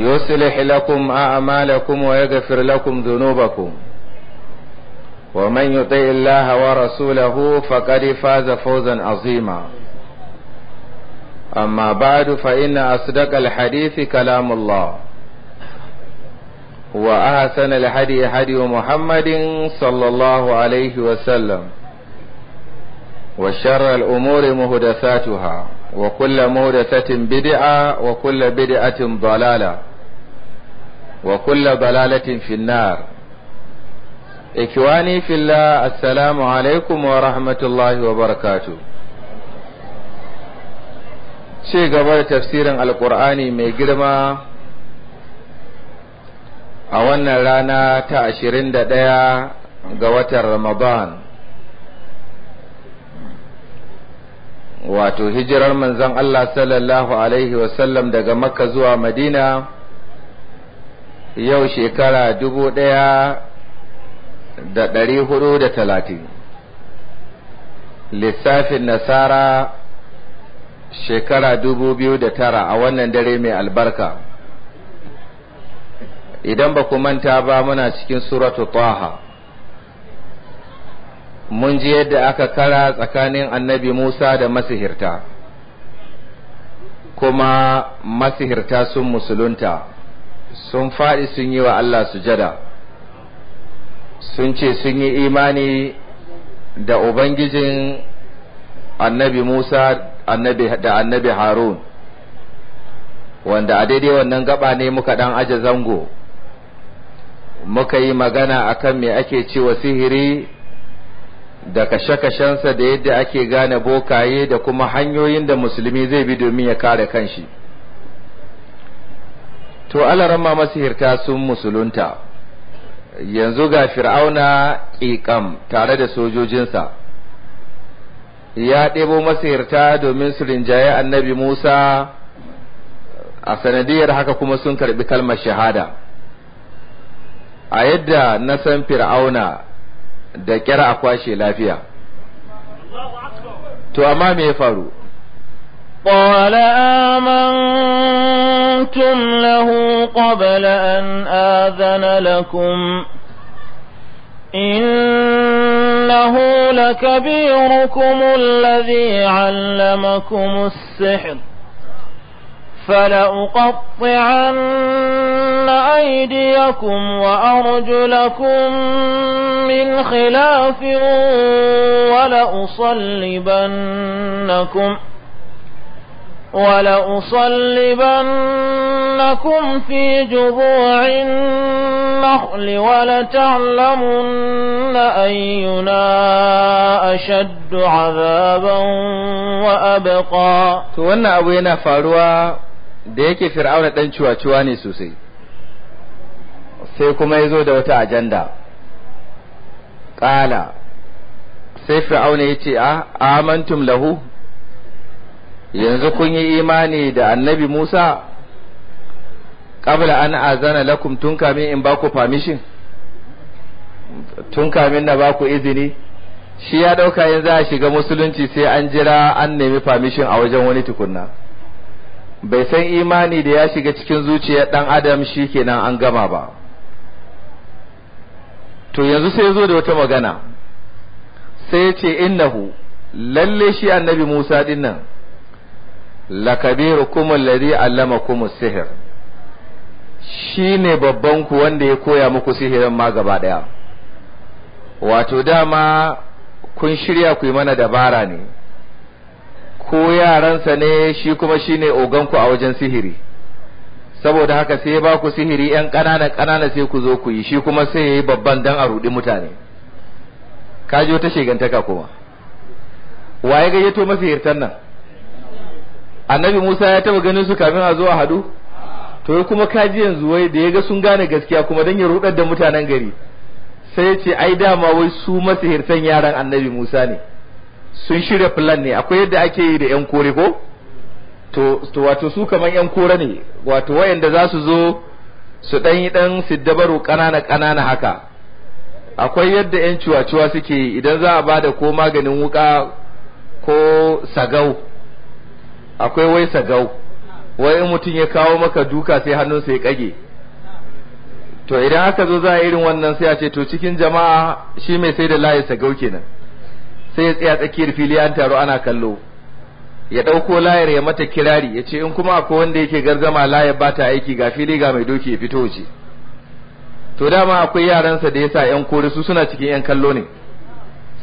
يصلح لكم أعمالكم ويغفر لكم ذنوبكم ومن يطع الله ورسوله فقد فاز فوزا عظيما أما بعد فإن أصدق الحديث كلام الله وأحسن الحدي حدي محمد صلى الله عليه وسلم وشر الأمور مهدساتها wa kulle muhdathatin bid'a wa kulle bid'atin dalala wa kulle dalalatin finnar filla assalamu alaikum wa rahmatullahi wa barakatu ce gaba da tafsirin alkur'ani mai girma a wannan rana ta ɗaya ga watan ramadan wato hijirar manzon Allah sallallahu alaihi wasallam daga makka zuwa madina yau shekara dubu ɗaya da ɗari hudu da talatin lissafin nasara shekara dubu biyu da tara a wannan dare mai albarka idan ba ku manta ba muna cikin suratu taha mun ji yadda aka kara tsakanin annabi Musa da masihirta kuma masihirta sun musulunta sun faɗi sun yi wa Allah sujada sun ce sun yi imani da Ubangijin annabi Musa da annabi Harun wanda a daidai wannan gaba ne muka ɗan aje zango muka yi magana akan me ake cewa sihiri da kashe-kashensa da yadda ake gane bokaye da kuma hanyoyin da musulmi zai bi domin ya kare kanshi to alarama masihirta sun musulunta yanzu ga fir'auna ƙiƙam tare da sojojinsa ya ɗebo masihirta domin su rinjaye annabi musa a sanadiyar haka kuma sun karɓi kalmar shahada a yadda na san fir'auna da kyar a kwashe lafiya to amma me ya faru قال آمنتم له قبل أن آذن لكم إنه لكبيركم الذي علمكم السحر فلأقطعن أيديكم وأرجلكم من خلاف ولأصلبنكم ولأصلبنكم في جذوع النخل ولتعلمن أينا أشد عذابا وأبقى تولى أبينا فروى da yake fir'auna dan ciwa-ciwa ne sosai sai kuma ya zo da wata ajanda ƙala sai fir'auna ya ce a amantum lahu yanzu kun yi imani da annabi musa ƙabla an azana lakum tun kamin in ba ku permission tun kamin na ba ku izini shi ya ɗauka yanzu a shiga musulunci sai an jira an nemi permission a wajen wani tukunna bai san imani da ya shiga cikin zuciyar dan adam shi kenan an gama ba to yanzu sai zo da wata magana sai ya ce innahu lalle shi annabi Musa dinnan lakabirukum alladhi kuma sihir. sihir shine babban ku wanda ya koya muku sihirin ma gaba daya wato dama kun shirya ku yi mana dabara ne ko yaransa ne shi kuma shi ne oganku a wajen sihiri saboda haka sai ba ku sihiri yan ƙananan ƙananan sai ku zo ku yi shi kuma sai yayi babban dan a rudi mutane ka jo ta shegantaka kuma waye gayyato masihirtan nan annabi Musa ya taba ganin su kafin a zo a hadu to kuma kaji yanzu wai da ya ga sun gane gaskiya kuma dan ya rudar da mutanen gari sai ya ce ai dama wai su masihirtan yaran annabi Musa ne sun shirya plan ne akwai yadda ake yi da yan kore ko to wato su kaman yan kore ne wato wayanda za su zo su dan yi dan siddabaru kanana kanana haka akwai yadda yan ciwa suke idan za a bada ko maganin wuka ko sagau akwai wai sagau wai in mutum ya kawo maka duka sai hannunsa ya kage to idan aka zo za a irin wannan sai a ce to cikin jama'a shi mai sai da layi sagau kenan sai ya tsaya tsakiyar fili an taro ana kallo ya ɗauko layar ya mata kirari ya ce in kuma akwai wanda yake garzama layar ba ta aiki ga fili ga mai doki ya fito ce to dama akwai yaransa da ya sa yan kore su suna cikin yan kallo ne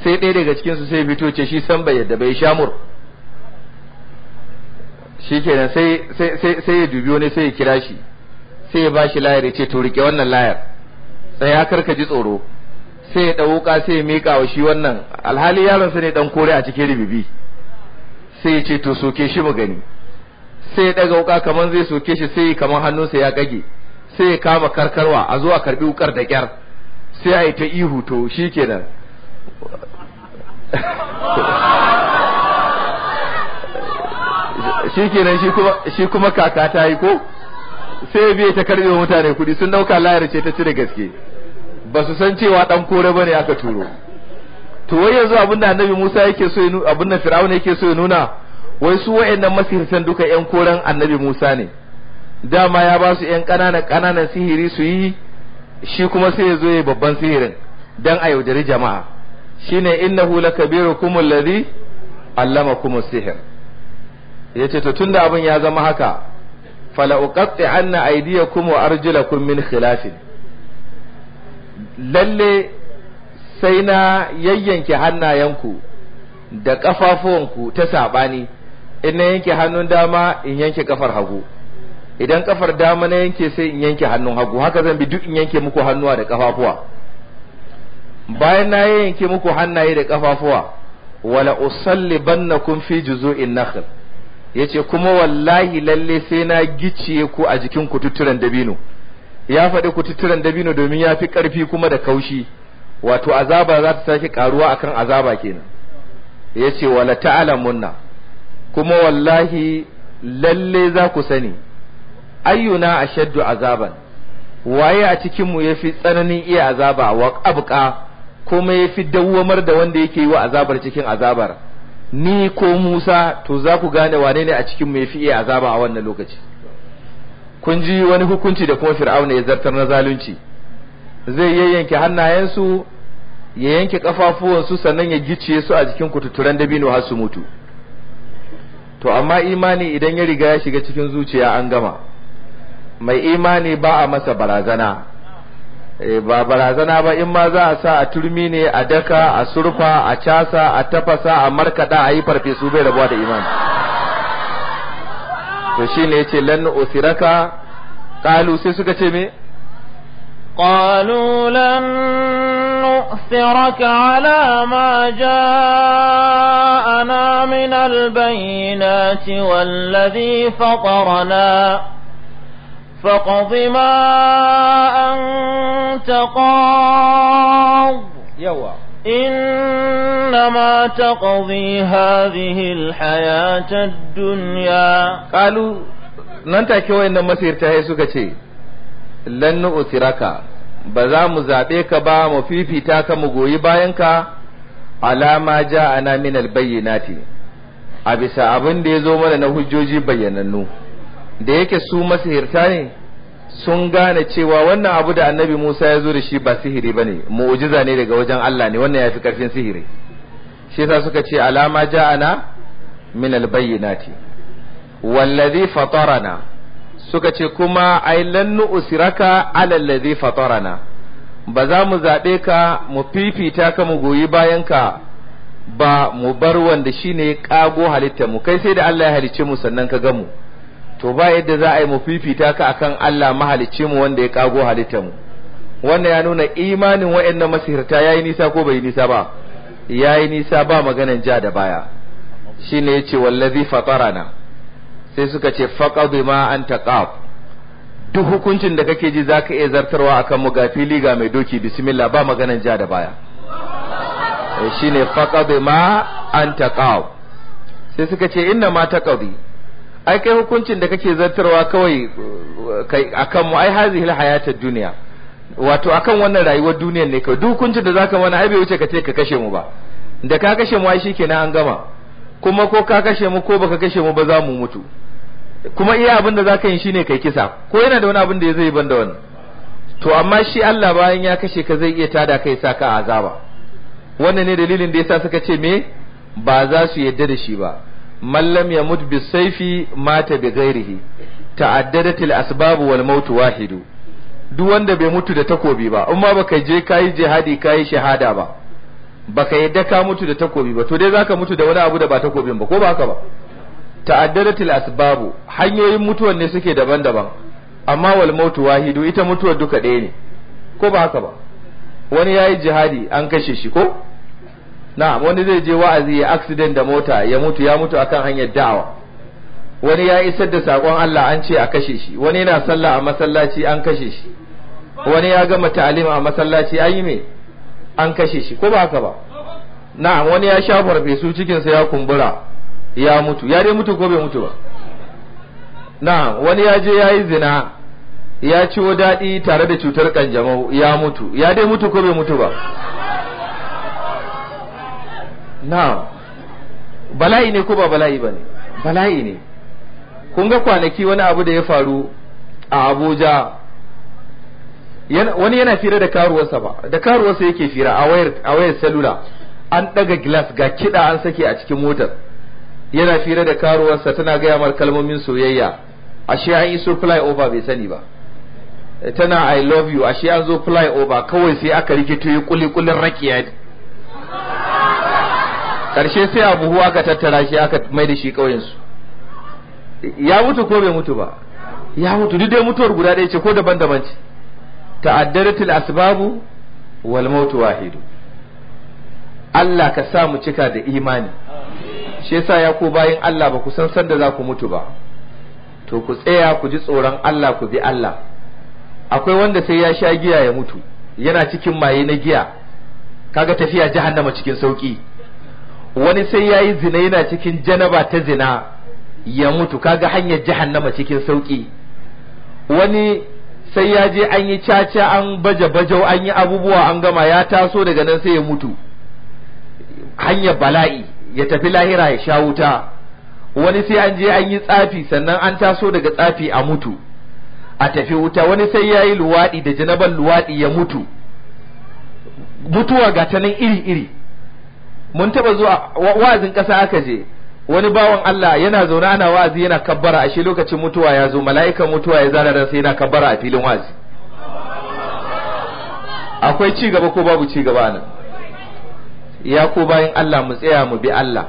sai ɗaya daga cikinsu su sai fito ce shi san bai yadda bai shamur shi sai sai sai ya dubi wani sai ya kira shi sai ya ba shi layar ya ce to rike wannan layar tsaya ya karka ji tsoro sai ya ɗauka sai ya miƙa wa shi wannan alhali yaronsa ne ɗan kore a cikin ribibi sai ya ce to soke shi mu gani sai ya ɗaga wuka kamar zai soke shi sai kamar hannunsa ya ƙage sai ya kama karkarwa a zuwa karɓi wukar da ƙyar sai a yi ta ihu to shi kenan shi kenan shi kuma kaka ta yi ko sai ya biya ta karɓe mutane kuɗi sun ɗauka layar ce ta cire gaske ba su san cewa dan kore bane aka turo to wai yanzu abinda annabi Musa yake so ya nuna abinda Fir'auna yake so ya nuna wai su wayannan masihirtan duka yan koren annabi Musa ne dama ya ba su yan ƙananan ƙananan sihiri su yi shi kuma sai ya zo ya babban sihirin dan a yaudari jama'a shine innahu lakabirukum alladhi allamakum sihir yace to tunda abin ya zama haka fala uqatti anna aydiyakum wa arjulakum min khilafin lalle sai na yayyanke hannayenku da ƙafafuwanku ta saɓani in na yanke hannun dama in yanke ƙafar hagu idan ƙafar dama na yanke sai in yanke hannun hagu haka zan bi duk in yanke muku hannuwa da ƙafafuwa bayan na yayyanke muku hannaye da ƙafafuwa wala bannakum fi juzu'in nakhl yace kuma wallahi lalle sai na gicciye ku a jikin kututturen dabino ya faɗi kututturen dabino domin ya fi ƙarfi kuma da kaushi wato azaba za ta sake ƙaruwa akan azaba kenan ya ce wala munna kuma wallahi lalle za ku sani ayyuna a shaddu azaban waye a cikinmu ya fi tsananin iya azaba wa ƙabƙa kuma ya fi dawwamar da wanda yake yi wa azabar cikin azabar ni ko musa to za ku gane wane ne a cikinmu ya fi iya azaba a wannan lokaci kun ji wani hukunci da kuma fir'auna ya zartar na zalunci zai yayyanke hannayensu ya yanke kafafuwansu sannan ya gicciye su a jikin kututturen dabino har su mutu to amma imani idan ya riga ya shiga cikin zuciya an gama mai imani ba a masa barazana e ba barazana ba in ma za a sa a turmi ne a daka a surfa a casa a tafasa a markada a yi farfesu bai rabuwa da imani to shine yace lan usiraka qalu sai suka ce me qalu lan نؤثرك على ما جاءنا من البينات والذي فطرنا فاقض ما أنت قاض يوه إنما تقضي هذه الحياة الدنيا قالوا nan take wayannan masirta sai suka ce lan nu'siraka ba za mu zaɓe ka ba mu fifita ka mu goyi bayan ka alama ja'ana min albayyinati a bisa abin da zo mana na hujjoji bayyanannu da yake su masirta ne sun gane cewa wannan abu da annabi Musa ya zo da shi ba sihiri ba ne mu'jiza ne daga wajen Allah ne wannan ya fi karfin sihiri shi yasa suka ce alama ja'ana min albayyinati wallazi fatarana suka ce kuma ai lannu usiraka ala allazi fatarana ba za mu zabe ka mu fifita ka mu goyi bayan ka ba mu bar wanda shine kago halitta mu kai sai da Allah ya halicce mu sannan ka ga mu to ba yadda za a yi mu fifita ka akan Allah mahalicci mu wanda ya kago halittar mu wannan ya nuna imanin wa'annan masihirta yayi nisa ko bai nisa ba yayi nisa ba maganan ja da baya shine yace wallazi fatarana sai suka ce faqad ma anta qab duk hukuncin da kake ji zaka iya zartarwa akan mu ga fili ga mai doki bismillah ba maganan ja da baya eh, shine faqad ma anta qab sai suka ce inna ma taqabi ai kai hukuncin da kake zartarwa kawai uh, akan mu ai hazihi hayatar duniya wato akan wannan rayuwar duniyar ne kawai duk hukuncin da zaka mana ai bai wuce ka ce ka kashe mu ba da ka kashe mu ai shikenan an gama kuma ko ka kashe mu ko baka kashe mu ba za mu mutu kuma iya abin da zaka yi shine kai kisa ko yana da wani abin da zai ban da wannan to amma shi Allah bayan ya kashe ka zai iya tada kai saka azaba wannan ne dalilin da yasa suka ce me ba za su yadda da shi ba mallam ya mutu bi saifi mata bi gairihi ta'addadat al asbab wal maut wahidu duk wanda bai mutu da takobi ba amma baka je kai jihadi kai shahada ba baka yadda ka mutu da takobi ba to dai zaka mutu da wani abu da ba takobin ba ko ba haka ba ta'addadat al asbab hanyoyin mutuwar ne suke daban-daban amma wal maut wahidu ita mutuwar duka ɗaya ne ko ba haka ba wani yayi jihadi an kashe shi ko na'am wani zai je wa'azi ya accident da mota ya mutu ya mutu akan hanyar da'awa wani ya isar da sakon Allah an ce a kashe shi wani yana sallah a masallaci an kashe shi wani ya gama ta'alim a masallaci an yi me an kashe shi ko ba haka ba na'am wani ya sha farfesu sa ya kumbura ya mutu ya dai mutu ko bai mutu ba na'am wani ya je ya yi zina ya ciwo daɗi tare da cutar kanjamau ya mutu ya dai mutu ko bai mutu ba na'am bala'i ne ko ba bala'i ba ne bala'i ne kun ga kwanaki wani abu da ya faru a abuja wani yana fira da karuwarsa ba da karuwarsa yake fira a wayar salula an daga glass ga kiɗa an sake a cikin motar yana fira da karuwarsa tana gaya mar kalmomin soyayya ashe an iso fly over bai sani ba tana i love you ashe an zo fly over kawai sai aka rikito ya kuli kulin rakiya karshe sai a buhu aka tattara shi aka mai da shi ƙauyensu ya mutu ko bai mutu ba ya mutu duk dai mutuwar guda ɗaya ce ko daban-daban ce ta'addaratul asbabu wal mautu wahidu Allah ka sa mu cika da imani shi yasa ya ko bayin Allah ba ku san sanda za ku mutu ba to ku tsaya ku ji tsoron Allah ku bi Allah akwai wanda sai ya sha giya ya mutu yana cikin maye na giya kaga tafiya jahannama cikin sauki wani sai ya yi zina yana cikin janaba ta zina ya mutu kaga hanyar jahannama cikin sauki wani sai ya je an yi caca an baje baje an yi abubuwa an gama ya taso daga nan sai ya mutu hanyar bala'i ya tafi lahira ya sha wuta wani sai an je an yi tsafi sannan an taso daga tsafi a mutu a tafi wuta wani sai ya yi luwaɗi da janaban luwaɗi ya mutu mutuwa ga ta nan iri-iri mun taba zuwa wa'azin ƙasa aka je wani bawan Allah yana zaune ana wa'azi yana kabbara ashe lokacin mutuwa ya zo mala'ikan mutuwa ya zana ransa yana kabbara a filin wa'azi akwai ci gaba ko babu ci gaba nan ya ko bayan Allah mu tsaya mu bi Allah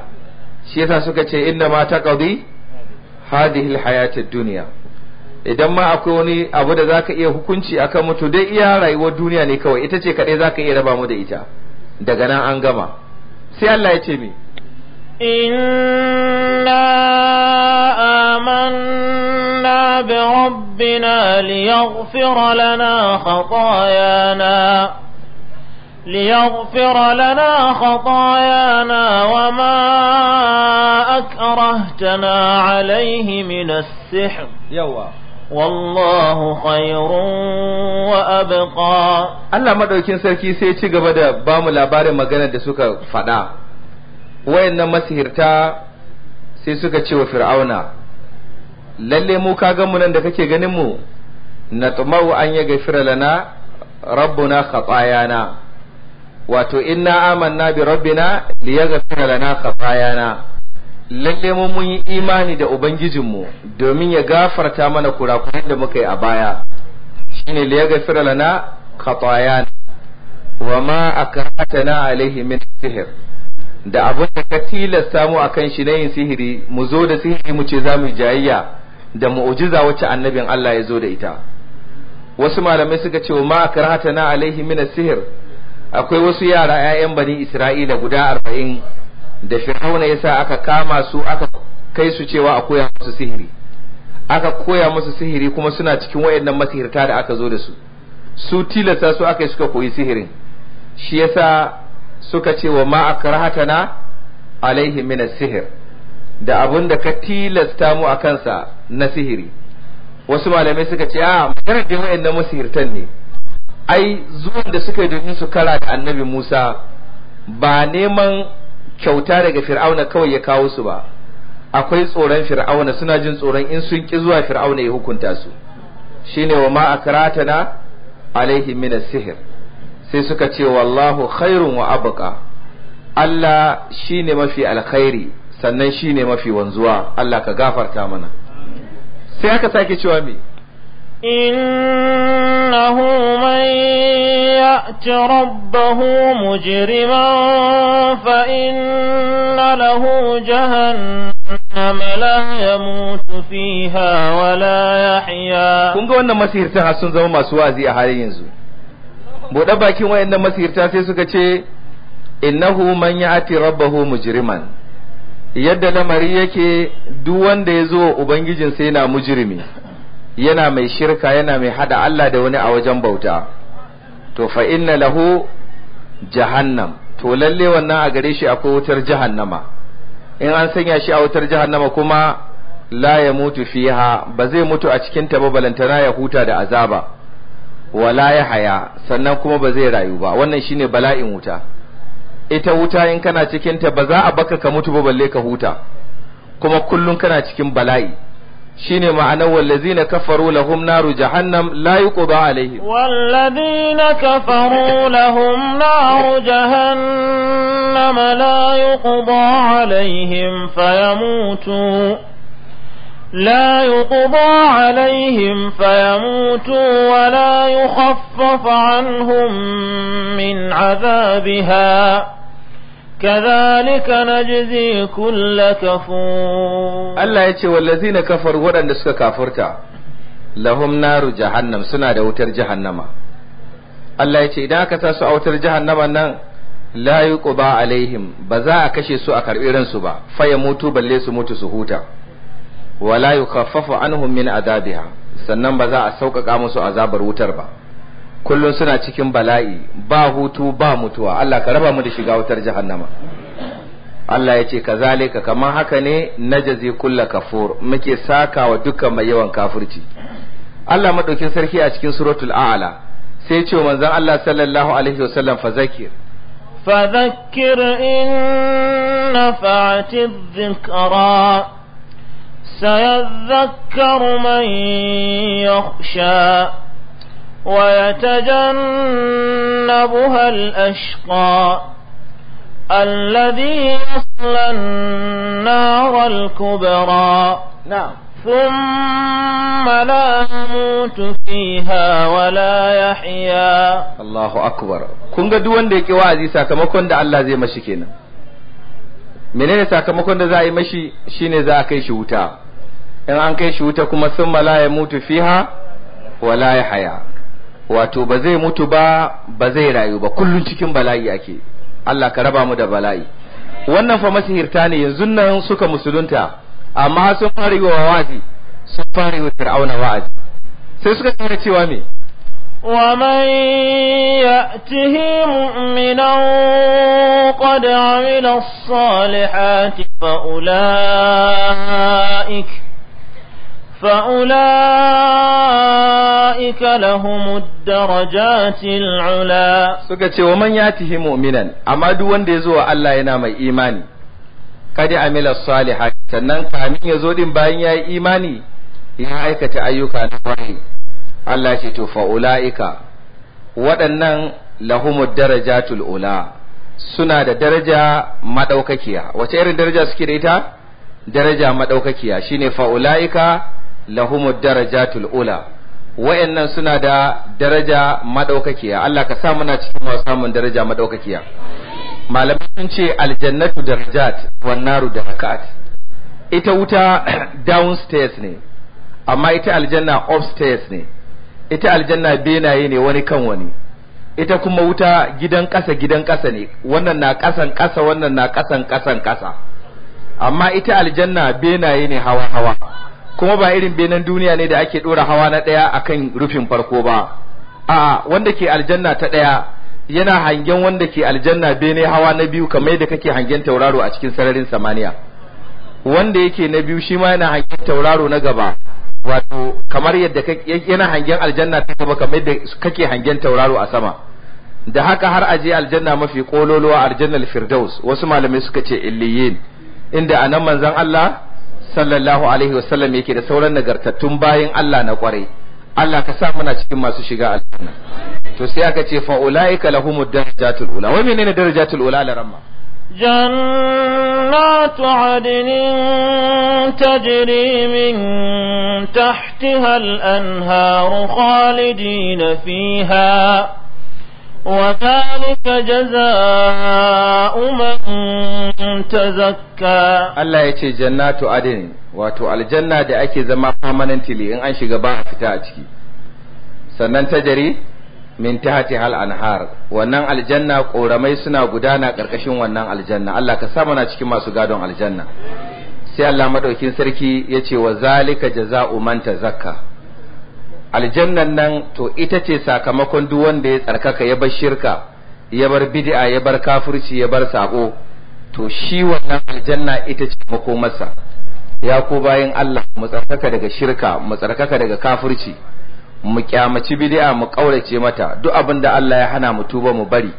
shi yasa suka ce inna ma taqdi hadhihi alhayatid dunya idan ma akwai wani abu da zaka iya hukunci akan mutu dai iya rayuwar duniya ne kawai ita ce kadai zaka iya raba mu da ita daga nan an gama إنا آمنا بربنا ليغفر لنا خطايانا ليغفر لنا خطايانا وما أكرهتنا عليه من السحر wallahu khairun wa abqa Allah madaukin sarki sai ci gaba da ba mu labarin maganar da suka faɗa wayannan masihirta sai suka ce wa fir'auna lalle mu ka mu nan da kake ganin mu natmau an ya gafira lana rabbuna khatayana wato inna amanna bi rabbina liyaghfira lana khatayana lalle mu mun yi imani da ubangijinmu domin ya gafarta mana kurakuran da muka yi a baya shine li yaghfir lana khatayana wa ma akratana alaihi min sihir da abun da ka tilasta mu akan shi na yin sihiri mu zo da sihiri mu ce za mu jayayya da mu'jiza wacce annabin Allah ya zo da ita wasu malamai suka ce ma akratana alaihi min sihir akwai wasu yara 'ya'yan bani Isra'ila guda arba'in da fir'auna yasa aka kama su aka kai su cewa a koya musu sihiri aka koya musu sihiri kuma suna cikin wayannan masihirta da aka zo da su su tilasta su aka suka koyi sihirin shi yasa suka ce wa ma akrahatana alaihi min sihir da abun da ka tilasta mu a kansa na sihiri wasu malamai suka ce a ah, maganar da wayannan masihirtan ne ai zuwan da suka yi domin su kara da annabi Musa ba neman kyauta daga fir'auna kawai ya kawo su ba akwai tsoron fir'auna suna jin tsoron in sun ki zuwa fir'auna ya hukunta su shine wa ma alaihi alaihim min sihir sai suka ce wallahu khairun wa abqa Allah shine mafi alkhairi sannan shine mafi wanzuwa Allah ka gafarta mana sai aka sake cewa me إنه من يأت ربه مجرما فإن lahu جهنم لا يموت فيها ولا يحيا kun wannan masihirtan har sun zama masu waazi a halin yanzu buɗe bakin wayannan masihirta sai suka ce innahu man yaati rabbahu mujriman yadda lamari yake duk wanda ya zo ubangijinsa na mujrimi yana mai shirka yana mai hada Allah da wani a wajen bauta to fa inna lahu jahannam to lalle wannan a gare shi akwai wutar jahannama in an sanya shi a wutar jahannama kuma la ya mutu fiha ba zai mutu a cikin ta ba balantana ya huta da azaba wala ya haya sannan kuma ba zai rayu ba wannan shine bala'in wuta ita wuta in kana cikin ta ba za a baka ka mutu ba balle ka huta kuma kullun kana cikin bala'i shine ma'anar wallazina kafaru lahum naru jahannam la yuqda alaihim wallazina kafaru lahum naru jahannam la yuqda alaihim fayamutu لا يقضى عليهم فيموتوا ولا يخفف عنهم من عذابها كذلك نجزي كل كفور الله يتي والذين كفروا ودن سكا كافرتا lahum naru jahannam suna da wutar jahannama Allah ya ce idan aka sa su a wutar jahannama nan la yuqba alaihim ba za a kashe su a karbi ransu ba faya ya mutu balle su mutu su huta wala yukaffafu anhum min azabiha sannan ba za a sauƙaƙa musu azabar wutar ba kullum suna cikin bala'i ba hutu ba mutuwa Allah ka raba mu da shiga wutar jahannama Allah ya ce kazalika kamar haka ne najazi kulla kafur muke saka wa dukkan mai yawan kafurci. Allah madaukin sarki a cikin suratul a'la sai ya ce manzon Allah sallallahu alaihi wasallam fa zakir fa in nafa'ati dhikra sayadhakkaru man yakhsha ويتجنبها الأشقى الذي يصلى النار الكبرى نعم ثم لا يموت فيها ولا يحيا الله أكبر kun ga duk wanda yake wa'azi sakamakon da Allah zai mashi kenan menene sakamakon da za a yi mashi shine za a kai shi wuta in an kai shi wuta kuma sun mala ya mutu fiha wala ya haya wato ba zai mutu ba ba zai rayu ba kullun cikin bala'i ake Allah ka raba mu da bala'i wannan fa masihirta ne yanzu nan suka musulunta amma sun fara yi wa wa'azi sun fara yi wa fir'auna wa'azi sai suka kare cewa me mu'minan يأته مؤمنا as-salihati fa فأولئك فأولئك لهم الدرجات العلا سكتي ومن ياته مؤمنا أما دون ديزو الله ينام إيماني قد عمل الصالحات sannan kamin ya zo din bayan ya yi imani ya aikata ayyuka na kwarai Allah ce to fa'ula'ika waɗannan lahumud darajatul ula suna da daraja maɗaukakiya wace irin daraja suke da ita daraja maɗaukakiya shine fa'ula'ika lahumu darajatul ula wayannan suna da daraja madaukakiya Allah ka sa muna cikin masu samun daraja madaukakiya malamai sun ce aljannatu darajat wan naru darakat ita wuta downstairs ne amma ita aljanna upstairs ne ita aljanna benaye ne wani kan wani ita kuma wuta gidan ƙasa gidan ƙasa ne wannan na ƙasan ƙasa wannan na ƙasan ƙasan ƙasa amma ita aljanna benaye ne hawa hawa kuma ba irin benen duniya ne da ake dora hawa na daya akan rufin farko ba a wanda ke aljanna ta daya yana hangen wanda ke aljanna bene hawa na biyu kamar yadda kake hangen tauraro a cikin sararin samaniya wanda yake na biyu shi ma yana hangen tauraro na gaba wato kamar yadda yana hangen aljanna ta gaba kamar yadda kake hangen tauraro a sama da haka har aje aljanna mafi kololuwa aljannal firdaus wasu malamai suka ce illiyin inda anan manzon Allah sallallahu alaihi wasallam yake da sauran nagartattun bayan Allah na kwarai Allah ka sa muna cikin masu shiga aljanna to sai aka ce fa ulaika lahumud darajatul ula wai menene darajatul ula laramma جنات عدن تجري من تحتها الأنهار خالدين فيها وذلك جزاء من تزكى الله يتي جنات عدن واتو الجنة دا أكي زما permanently إن أنشي fita a ciki, sannan ta jari min hal anhar wannan aljanna ƙoramai suna gudana ƙarƙashin wannan aljanna Allah ka sa mana cikin masu gadon aljanna sai Allah maɗaukin sarki yace wa zalika jazaa'u man zakka. aljannan nan to ita ce sakamakon duk wanda ya tsarkaka ya bar shirka ya bar bid'a ya bar kafirci ya bar sako to shi wannan aljanna ita ce makomarsa ya ko bayan Allah mu tsarkaka daga shirka mu tsarkaka daga kafirci mu kyamaci bid'a mu kaurace mata duk abin da Allah ya hana mu tuba mu bari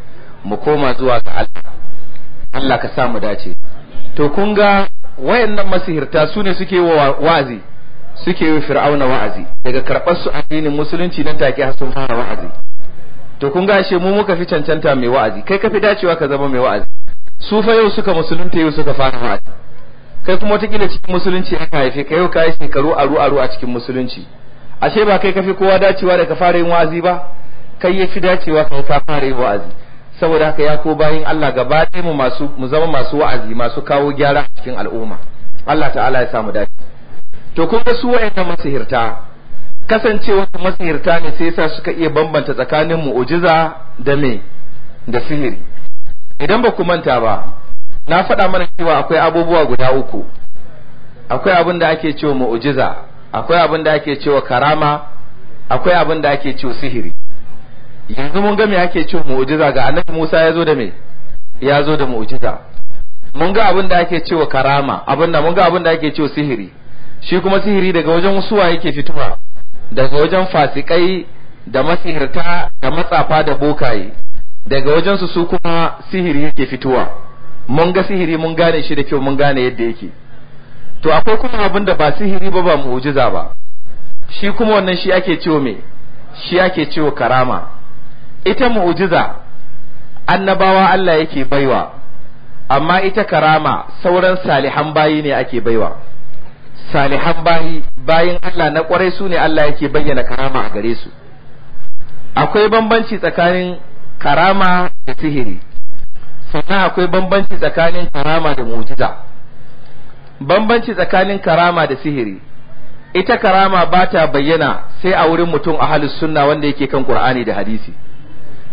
mu koma zuwa ga Allah Allah ka sa mu dace to kun ga wayannan masihirta sune suke wa wazi suke yi fir'auna wa'azi daga karɓar su addinin musulunci nan take har sun fara wa'azi to kun ga ashe mu muka fi cancanta mai wa'azi kai ka fi dacewa ka zama mai wa'azi su fa yau suka musulunta yau suka fara wa'azi kai kuma wataƙila cikin musulunci aka haife ka yau ka yi shekaru aru aru a cikin musulunci ashe ba kai ka fi kowa dacewa da ka fara yin wa'azi ba kai ya fi dacewa ka ka fara yin wa'azi saboda haka ya ko bayin Allah gaba ɗaya mu masu mu zama masu wa'azi masu kawo gyara a cikin al'umma Allah ta'ala ya samu dace to kuma su wayannan masihirta kasancewa masihirta ne sai sa suka iya bambanta tsakanin mu'ujiza da me da sihiri idan ba ku manta ba na faɗa mana cewa akwai abubuwa guda uku akwai abin da ake cewa mu'ujiza akwai abin da ake cewa karama akwai abin da ake cewa sihiri yanzu mun ga me ake cewa mu'ujiza ga annabi Musa ya zo da me ya zo da mu'ujiza mun ga abin da ake cewa karama abin da mun ga abin da ake cewa sihiri shi kuma sihiri daga wajen suwa yake fitowa daga wajen fasikai da masihirta da matsafa da bokaye daga wajen su kuma sihiri yake fitowa mun ga sihiri mun gane shi da kyau mun gane yadda yake to akwai kuma abin da ba sihiri ba ba mu'jiza ba shi kuma wannan shi ake cewa me shi ake cewa karama ita mu'jiza annabawa Allah yake baiwa amma ita karama sauran salihan bayi ne ake baiwa salihan bayi bayin Allah na kwarai su ne Allah yake bayyana karama a gare su akwai bambanci tsakanin karama da sihiri sannan akwai bambanci tsakanin karama da mujiza bambanci tsakanin karama da sihiri ita karama ba ta bayyana sai a wurin mutum a halin sunna wanda yake kan qur'ani da hadisi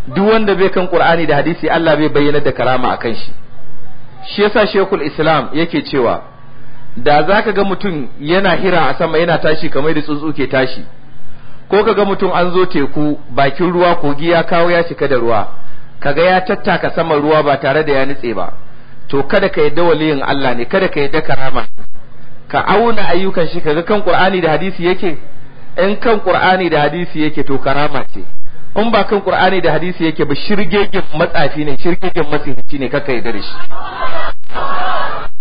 duk wanda bai kan qur'ani da hadisi Allah bai bayyana da karama kan shi shi yasa shekul islam yake cewa da za ka ga mutum yana hira a sama yana tashi kamar da tsuntsu ke tashi ko ka ga mutum an zo teku bakin ruwa kogi ya kawo ya cika da ruwa kaga ya tattaka saman ruwa ba tare da ya nutse ba to kada ka yadda waliyin Allah ne kada ka yadda karama ka auna ayyukan shi kaga kan Qur'ani da hadisi yake in kan Qur'ani da hadisi yake to karama ce in ba kan Qur'ani da hadisi yake ba shirgegen matsafi ne shirgegen masihici ne kaka yadda da shi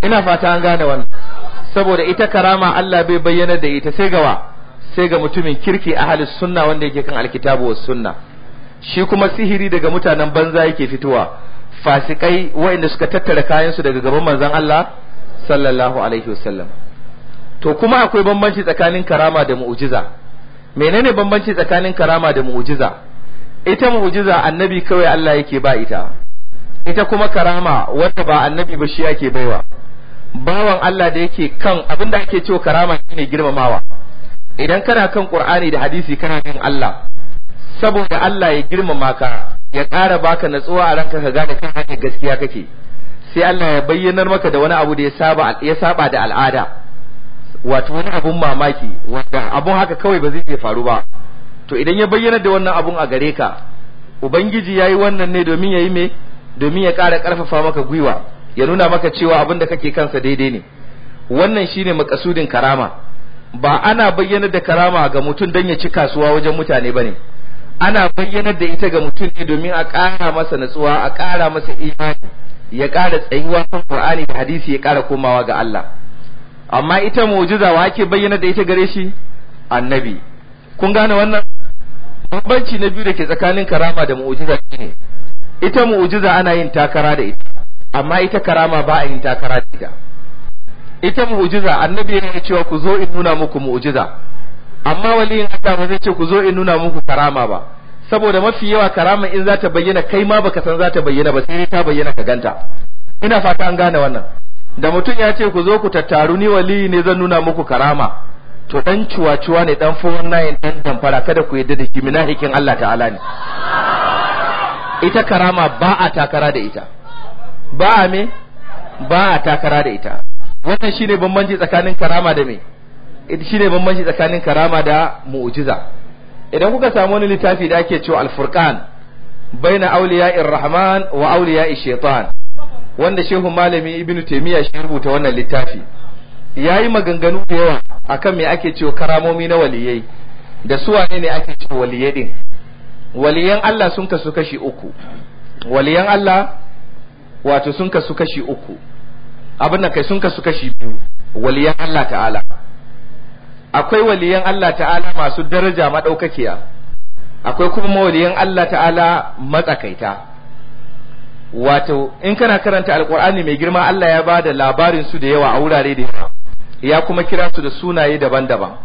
ina fata an gane wannan saboda ita karama Allah bai bayyana da ita sai gawa sai ga mutumin kirki ahli sunna wanda yake kan alkitabu was sunna shi kuma sihiri daga mutanen banza yake fitowa fasikai waɗanda suka tattara kayansu daga gaban manzon Allah sallallahu alaihi wasallam to kuma akwai bambanci tsakanin karama da mu'jiza menene bambanci tsakanin karama da mu'jiza ita mu'jiza annabi kawai Allah yake ba ita ita kuma karama wanda ba annabi ba shi yake baiwa bawan Allah da yake kan abin da ake cewa karama ne girmamawa idan kana kan Qur'ani da hadisi kana kan Allah saboda Allah ya girmama ka ya ƙara baka natsuwa a ranka ka gane kan hanyar gaskiya kake sai Allah ya bayyanar maka da wani abu da ya saba ya saba da al'ada wato wani abun mamaki wanda abun haka kawai ba zai iya faru ba to idan ya bayyana da wannan abun a gare ka ubangiji yayi wannan ne domin yayi me domin ya ƙara ƙarfafa maka gwiwa ya nuna maka cewa abin da kake kansa daidai ne wannan shine makasudin karama ba ana bayyana da karama ga mutum don ya ci kasuwa wajen mutane bane ana bayyanar da ita ga mutum ne domin a ƙara masa natsuwa a ƙara masa imani ya ƙara tsayuwa kan Qur'ani da hadisi ya ƙara komawa ga Allah amma ita mu'jiza wa ake bayyana da ita gare shi annabi kun gane wannan bambanci na biyu da ke tsakanin karama da mu'jiza ne ita mu'jiza ana yin takara da ita amma ita karama ba a yin takara da ita mu'jiza annabi ya cewa ku zo in nuna muku mu'jiza amma in Allah ba zai ce ku zo in nuna muku karama ba saboda mafi yawa karama in za ta bayyana kai ma baka san za ta bayyana ba sai ta bayyana ka ganta ina fata an gane wannan da mutum ya ce ku zo ku tattaru ni wali ne zan nuna muku karama to dan ciwa-ciwa ne dan yin dan tamfara kada ku yadda da shi minahikin Allah ta'ala ne ita karama ba a takara da ita ba a me ba a takara da ita wannan shine bambanci tsakanin karama da me shine bambanci tsakanin karama da mu'jiza idan kuka samu wani littafi da ake cewa al-furqan baina awliya'ir rahman wa awliya'ish shaytan wanda shehu malami ibnu taymiya shi rubuta wannan littafi yayi maganganu da yawa akan me ake cewa karamomi na waliyai da su wane ne ake cewa waliyai din waliyan Allah sun kasu kashi uku waliyan Allah wato sun kasu kashi uku abin da kai sun kasu kashi biyu waliyan Allah ta'ala akwai waliyan Allah ta'ala masu daraja madaukakiya akwai kuma mawaliyan Allah ta'ala matsakaita wato in kana karanta alkur'ani mai girma Allah ya ba da labarin su da yawa a wurare da yawa ya kuma kira su da sunaye daban-daban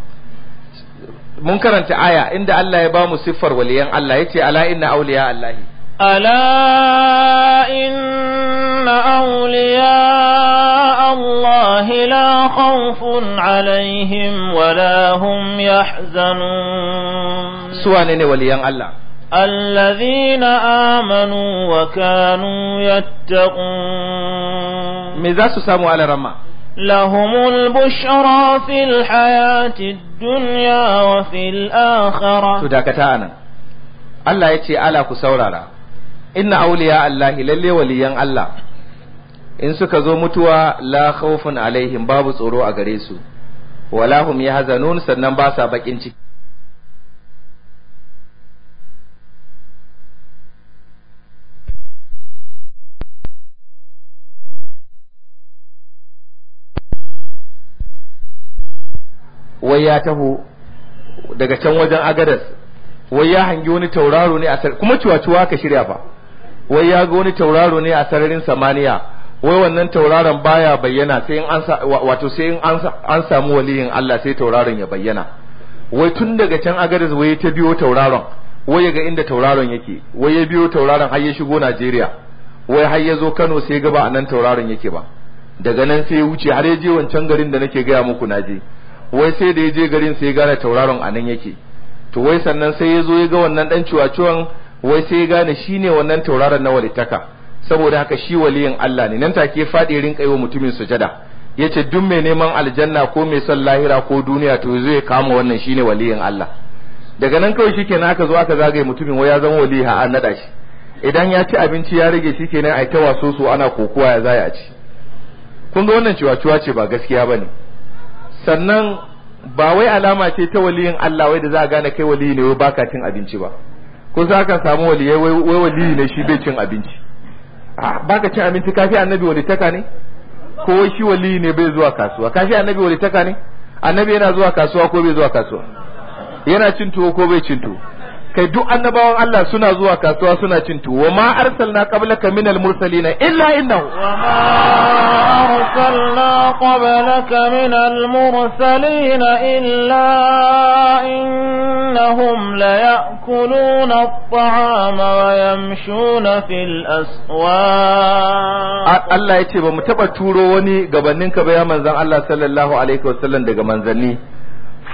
mun karanta aya inda Allah ya ba mu siffar waliyan Allah yace ala inna awliya Allahi ألا إن أولياء الله لا خوف عليهم ولا هم يحزنون سوانين وليان الله الذين آمنوا وكانوا يتقون ماذا سسامو على رمى لهم البشرى في الحياة الدنيا وفي الآخرة تدكتانا الله يتي على كسورة inna auliya allahi lalle waliyan Allah in suka zo mutuwa la khawfun alaihim babu tsoro a gare su wala hum yahzanun sannan ba sa bakin ciki wai ya taho daga can wajen agadas wai ya hangi wani tauraro ne a kuma cuwa-cuwa ka shirya fa wai ya ga wani tauraro ne a sararin samaniya wai wannan tauraron baya bayyana sai in an wato sai in an samu waliyin Allah sai tauraron ya bayyana wai tun daga can agaris wai ta biyo tauraron wai ya ga inda tauraron yake wai ya biyo tauraron har ya shigo Najeriya wai har ya zo Kano sai ga ba nan tauraron yake ba daga nan sai ya wuce har ya je wancan garin da nake gaya muku naje wai sai da ya je garin sai ya gane tauraron a nan yake to wai sannan sai ya zo ya ga wannan dan ciwaciwan wai sai ya gane ne wannan tauraron na walittaka saboda haka shi waliyin Allah ne nan take faɗi rinka yi wa mutumin sujada yace duk mai neman aljanna ko mai son lahira ko duniya to zai kama wannan shine waliyin Allah daga nan kawai na aka zo aka zagaye mutumin wai ya zama wali ha an nada shi idan ya ci abinci ya rage ne ai ta waso so ana kokowa ya zaya ci kun ga wannan ciwaciwa ce ba gaskiya bane sannan ba wai alama ce ta waliyin Allah wai da za a gane kai waliyi ne wai baka cin abinci ba ko za ka samu waliyai wai waliyi ne shi bai cin abinci ah, baka cin abinci kafi annabi taka ne ko shi waliyi ne bai zuwa kasuwa kafi annabi taka ne annabi yana zuwa kasuwa ko bai zuwa kasuwa yana cin tuwo ko bai cin tuwo kai duk annabawan Allah suna zuwa kasuwa suna cin tuwo wa ma arsalna qablaka min al-mursalin illa innahu wa ma arsalna qablaka min al-mursalin illa in يأكلون الطعام ويمشون في الأسواق الله يتي بمتبع تورو وني قبنين كبيا منزان الله صلى الله عليه وسلم دقا منزاني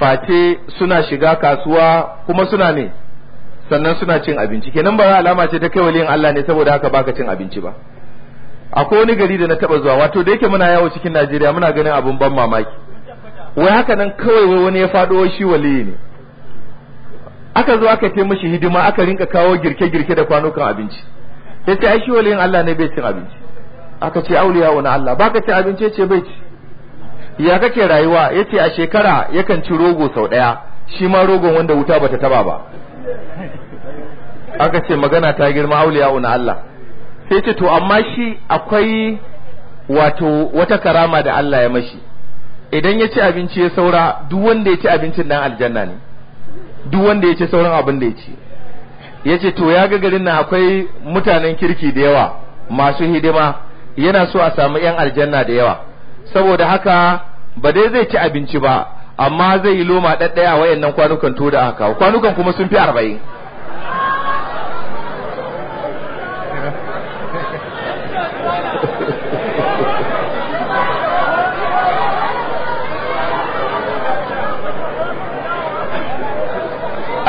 فاتي سنة شغا كاسوا كما سنة ني سنة سنة چين abinci كي نمبر علامة ce ta kai waliyin Allah ne saboda haka baka akwai wani gari da na taba zuwa wato da yake muna yawo cikin Najeriya muna ganin abun ban mamaki wai haka nan kawai wani ya faɗo shi waliyi ne aka zo aka ce mishi hidima aka rinka kawo girke-girke da kwanukan abinci ya ce ai waliyin Allah ne bai cin abinci aka ce auliya na Allah baka cin abinci ce bai ci ya kake rayuwa ya ce a shekara yakan ci rogo sau ɗaya shi ma rogon wanda wuta bata taba ba aka ce magana ta girma auliya na Allah sai ce to amma shi akwai wato wata karama da Allah ya mashi idan ya ci abinci ya saura duk wanda ya ci abincin nan aljanna ne duk wanda ya ce sauran abin da ya ce ya ce to ya ga garin nan akwai mutanen kirki da yawa masu hidima yana so a samu 'yan aljanna da yawa saboda haka ba dai zai ci abinci ba amma zai yi loma ɗaɗɗaya a wayannan kwanukan to da aka kwanukan kuma sun fi arba'in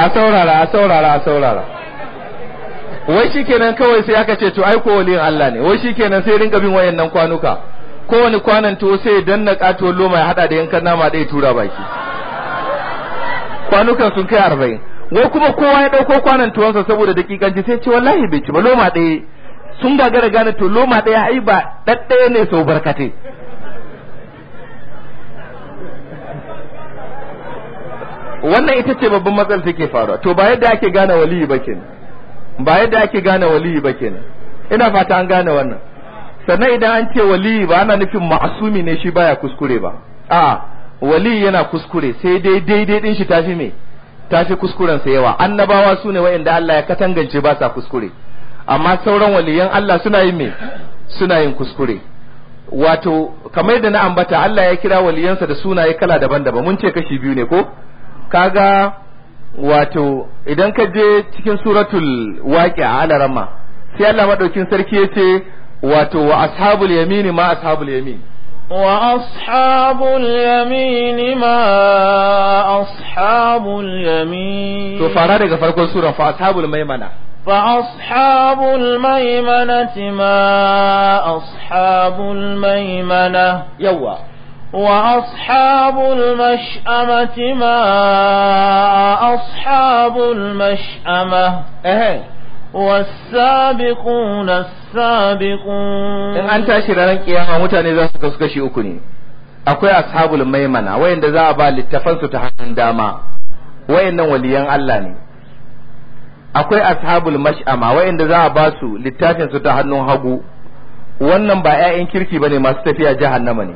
a saurara a saurara a saurara wai shikenan kawai sai aka ce to ai ko waliyin Allah ne wai shikenan sai rinka bin wayannan kwanuka kowane kwanan to sai danna katuwar loma ya hada da yankan nama ya tura baki kwanukan sun kai arba'in wai kuma kowa ya dauko kwanan tuwansa saboda dakikanci sai ce wallahi bai ci ba loma ɗaya sun gagara gane to loma ɗaya ai ba ɗaɗɗaya ne sau barkatai wannan ita ce babban matsalar take faruwa to ba yadda ake gane waliyi ba kenan ba yadda ake gane waliyi ba kenan ina fata an gane wannan sannan idan an ce waliyi ba ana nufin ma'asumi ne shi baya kuskure ba a waliyi yana kuskure sai dai daidai din shi tafi me tafi kuskuren sa yawa annabawa su ne wa'anda Allah ya katangance ba sa kuskure amma sauran waliyan Allah suna yin me suna yin kuskure wato kamar da na ambata Allah ya kira waliyansa da sunaye kala daban-daban mun ce kashi biyu ne ko kaga wato idan ka je cikin suratul waqi'a ala rama sai Allah madaukin sarki ce wato wa ashabul yamini ma ashabul yamini. wa ashabul yamini ma ashabul yamini. to fara daga farkon suran fa ashabul maimana فأصحاب maimana ما أصحاب maimana. يوا وأصحاب المشأمة ما أصحاب المشأمة والسابقون السابقون أنت أشير لك يا مموتا نزاس كسكشي أكوني أكوي أصحاب الميمنة وين دزا أبا للتفنس تحن داما وين وليان ألاني akwai ashabul mash'ama waɗanda za a ba su littafin su ta hannun hagu wannan ba 'ya'yan kirki bane masu tafiya jahannama ne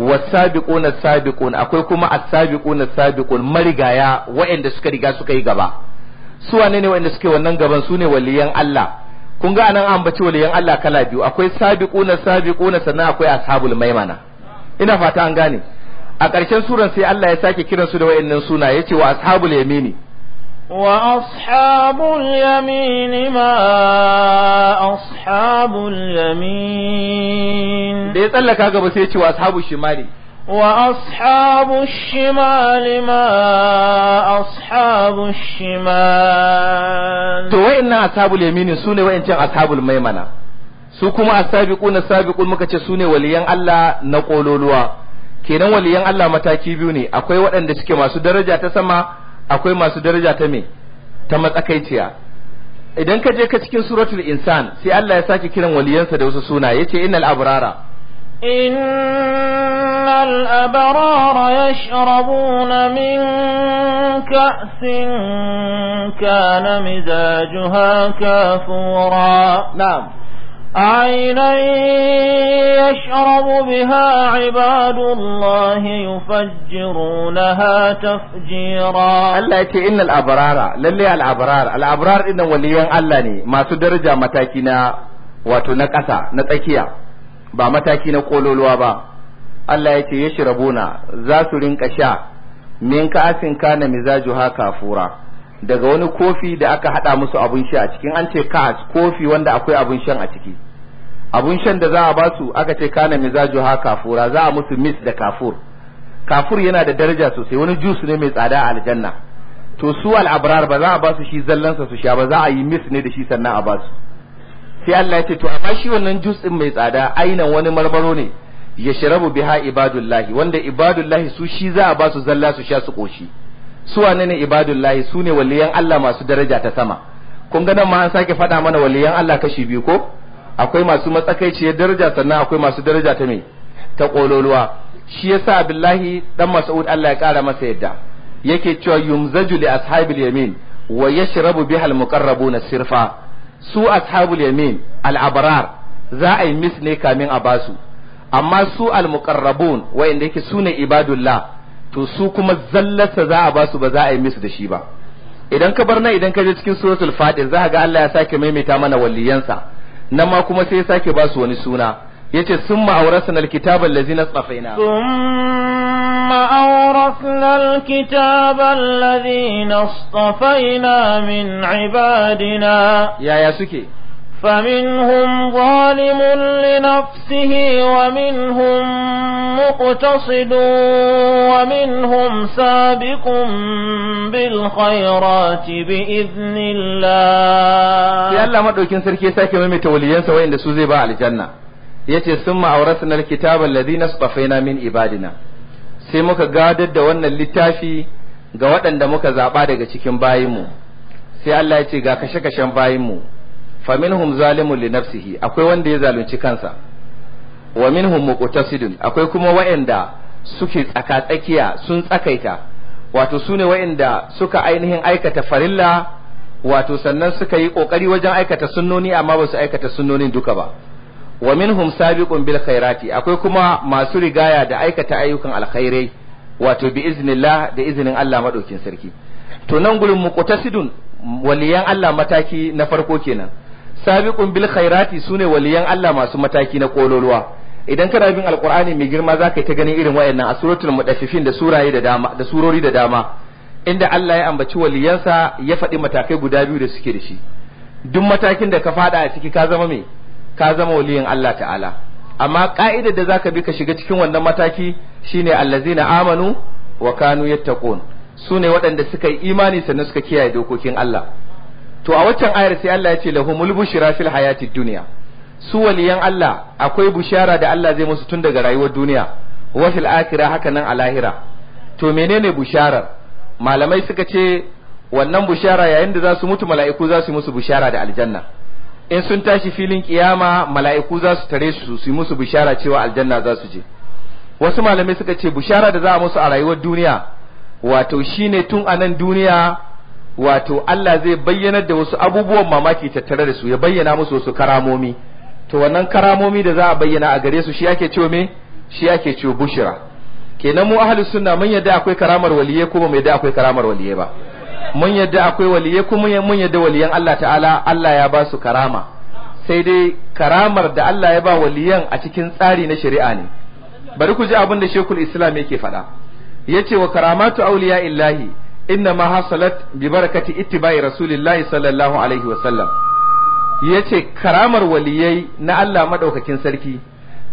والسابقون السابقون akwai kuma as-sabiquna as-sabiqun marigaya waɗanda suka riga suka yi gaba su wane ne waɗanda suke wannan gaban su ne waliyan Allah kun ga anan an bace waliyan Allah kala biyu akwai sabiquna sabiquna sannan akwai ashabul maimana ina fata an gane a ƙarshen suran sai Allah ya sake kiransu da waɗannan suna yace wa ashabul yamini وأصحاب اليمين ما أصحاب اليمين da ya tsallaka gaba sai ce wa ashabu shimali wa ashabu shimali ma ashabu shimal to wa'annan ashabul yamini sune wa'ancan ashabul maimana su kuma a asabiqun sabiqun muka ce sune waliyan Allah na kololuwa kenan waliyan Allah mataki biyu ne akwai waɗanda suke masu daraja ta sama akwai masu daraja ta me ta matsakaiciya idan ka je ka cikin suratul insan sai Allah ya sake kiran waliyansa da wasu suna yace innal abrara innal abrara yashrabuna min ka'sin kana mizajuha kafura na'am عينا يشرب بها عباد الله يفجرونها تفجيرا الله يتي إن الأبرار للي الأبرار الأبرار إن وليون الله ني ما سدرجة متاكينا وتنكسا نتاكيا با متاكينا na kololuwa الله يتي يشربونا ce ya من za كان rinka sha min daga wani kofi da aka hada musu abun sha a cikin an ce kas kofi wanda akwai abun shan a ciki abun shan da za a ba su aka ce kana mizaju ha kafura za a musu mis da kafur kafur yana da daraja sosai wani juice ne mai tsada a aljanna to su al'abrar ba za a ba su shi zallansa su sha ba za a yi mis ne da shi sannan a su sai Allah ya ce to amma shi wannan juice din mai tsada ainan wani marmaro ne ya sharabu biha ibadullahi wanda ibadullahi su shi za a ba su zalla su sha su koshi su wane ne ibadullahi su ne waliyan Allah masu daraja ta sama kun ga nan ma an sake faɗa mana waliyan Allah kashi biyu ko akwai masu matsakaiciyar daraja sannan akwai masu daraja ta me ta kololuwa shi yasa Abdullahi dan Mas'ud Allah ya kara masa yadda yake cewa yumzaju li ashabil yamin wa yashrabu biha al na sirfa su ashabul yamin al abrar za a yi mis ne kamin a basu amma su al muqarrabun wa'inda yake sune ibadullah to su kuma zallarsa za a basu ba za a yi mis da shi ba idan ka bar nan idan ka je cikin suratul fatih za ga Allah ya sake maimaita mana waliyansa nan ma kuma sai ya sake ba su wani suna yace summa awrasna alkitaba allazina safaina summa awrasna alkitaba allazina safaina min ibadina yaya suke فمنهم ظالم لنفسه ومنهم مقتصد ومنهم سابق بالخيرات بإذن الله يا الله مدوكين سركي ساكي ممي توليين سوين لسوزي باع الجنة يتي ثم أورثنا الكتاب الذين اصطفينا من عبادنا sai muka gadar da wannan littafi ga waɗanda muka zaɓa daga cikin bayinmu sai Allah ya ce ga kashe-kashen bayinmu faminhum zalimun li nafsihi akwai wanda ya zalunci kansa wa minhum muqtasidun akwai kuma wa'inda suke tsaka tsakiya sun tsakaita wato sune wa'inda suka ainihin aikata farilla wato sannan suka yi kokari wajen aikata sunnoni amma ba su aikata sunnonin duka ba wa minhum sabiqun bil khairati akwai kuma masu rigaya da aikata ayyukan alkhairai wato bi iznillah da izinin Allah madaukin sarki to nan gurin muqtasidun waliyan Allah mataki na farko kenan sabiqun bil khairati sune waliyan Allah masu mataki na kololuwa idan kana bin alqur'ani mai girma zaka ta ganin irin wayannan a suratul mudaffifin da suraye da dama da surori da dama inda Allah ya ambaci waliyansa ya faɗi matakai guda biyu da suke da shi duk matakin da ka fada a ciki ka zama me ka zama waliyin Allah ta'ala amma ka'idar da zaka bi ka shiga cikin wannan mataki shine allazina amanu wa kanu yattaqun sune waɗanda suka yi imani sannan suka kiyaye dokokin Allah to a waccan ayar sai Allah ya ce lahumul bushra fil hayati dunya su waliyan Allah akwai bushara da Allah zai musu tun daga rayuwar duniya wa fil akhirah haka nan a lahira to menene busharar malamai suka ce wannan bushara yayin da za su mutu mala'iku za su musu bushara da aljanna in sun tashi filin kiyama mala'iku za su tare su su musu bushara cewa aljanna za su je wasu malamai suka ce bushara da za a musu a rayuwar duniya wato shine tun anan duniya wato Allah zai bayyanar da wasu abubuwan mamaki tattare da su ya bayyana musu wasu karamomi to wannan karamomi da za a bayyana a gare su shi yake cewa me shi yake cewa bushira kenan mu ahli sunna mun yadda akwai karamar waliye ko ba da akwai karamar waliye ba mun yadda akwai waliye kuma mun yadda waliyan Allah ta'ala Allah ya ba su karama sai dai karamar da Allah ya ba waliyan a cikin tsari na shari'a ne bari ku ji abin da Sheikhul Islam yake faɗa yace wa karamatu awliya illahi inna ma hasalat bi barakati ittibai rasulillahi sallallahu alaihi wasallam yace karamar waliyai na Allah madaukakin sarki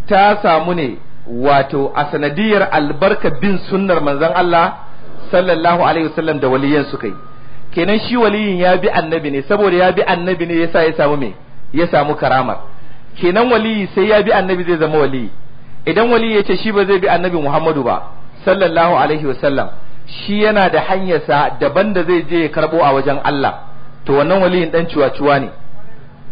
ta samu ne wato a sanadiyar albarka bin sunnar manzon Allah sallallahu alaihi wasallam da waliyan su kai kenan shi waliyin ya bi annabi ne saboda ya bi annabi ne yasa ya samu me ya samu karamar kenan waliyi sai ya bi annabi zai zama waliyi idan waliyi yace shi ba zai bi annabi Muhammadu ba sallallahu alaihi wasallam shi yana da hanyarsa daban da zai je ya karbo a wajen Allah to wannan waliyin dan ciwa-ciwa ne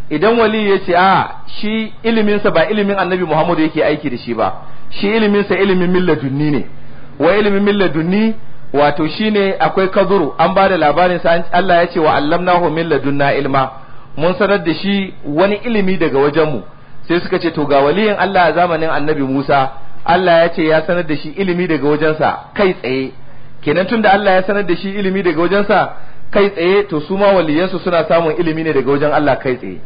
idan wali ya ce a shi iliminsa ba ilimin annabi Muhammad yake aiki da shi ba shi iliminsa ilimin milladunni ne wa ilimin milladunni wato shine akwai kazuru an ba da labarin sa Allah ya ce wa allamnahu milladunna ilma mun sanar da shi wani ilimi daga wajen mu sai suka ce to ga waliyin Allah a zamanin annabi Musa Allah ya ce ya sanar da shi ilimi daga wajensa kai tsaye kenan tunda Allah ya sanar da shi ilimi daga wajensa kai tsaye to su ma waliyansu suna samun ilimi ne daga wajen Allah kai tsaye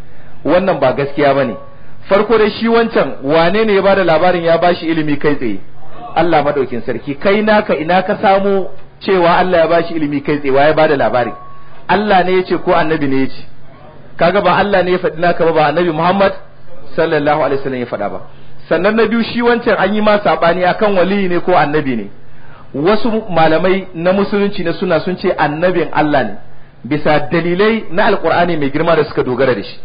wannan ba gaskiya bane farko dai shi wancan wane ne ya bada labarin ya bashi ilimi kai tsaye Allah madaukin sarki kai naka ina ka samu cewa Allah ya bashi ilimi kai tsaye ya bada labari Allah ne ya ce ko annabi ne ya ce kaga ba Allah ne ya faɗi naka ba ba annabi Muhammad sallallahu alaihi wasallam ya faɗa ba sannan na biyu shi wancan an yi ma sabani akan wali ne ko annabi ne wasu malamai na musulunci na suna sun ce annabin Allah ne bisa dalilai na alkur'ani mai girma da suka dogara da shi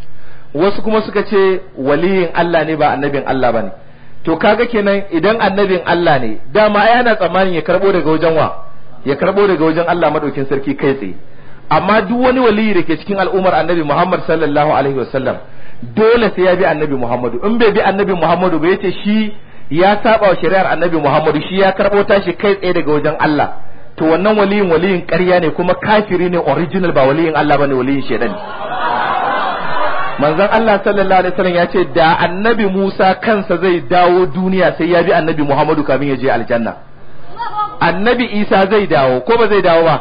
wasu kuma suka ce waliyin Allah ne ba annabin Allah ba ne to kaga kenan idan annabin Allah ne dama ai ana tsammanin ya karbo daga wajen wa ya karbo daga wajen Allah madaukin sarki kai tsaye amma duk wani waliyi da ke cikin al'ummar annabi Muhammad sallallahu alaihi wasallam dole sai ya bi annabi Muhammadu in bai bi annabi Muhammadu ba ce shi ya saba wa shari'ar annabi Muhammadu shi ya karɓo tashi kai tsaye daga wajen Allah to wannan waliyin waliyin karya ne kuma kafiri ne original ba waliyin Allah bane waliyin shedan manzon Allah sallallahu alaihi wasallam ya ce da annabi Musa kansa zai dawo duniya sai ya bi annabi Muhammadu kamin ya je aljanna annabi Isa zai dawo ko ba zai dawo ba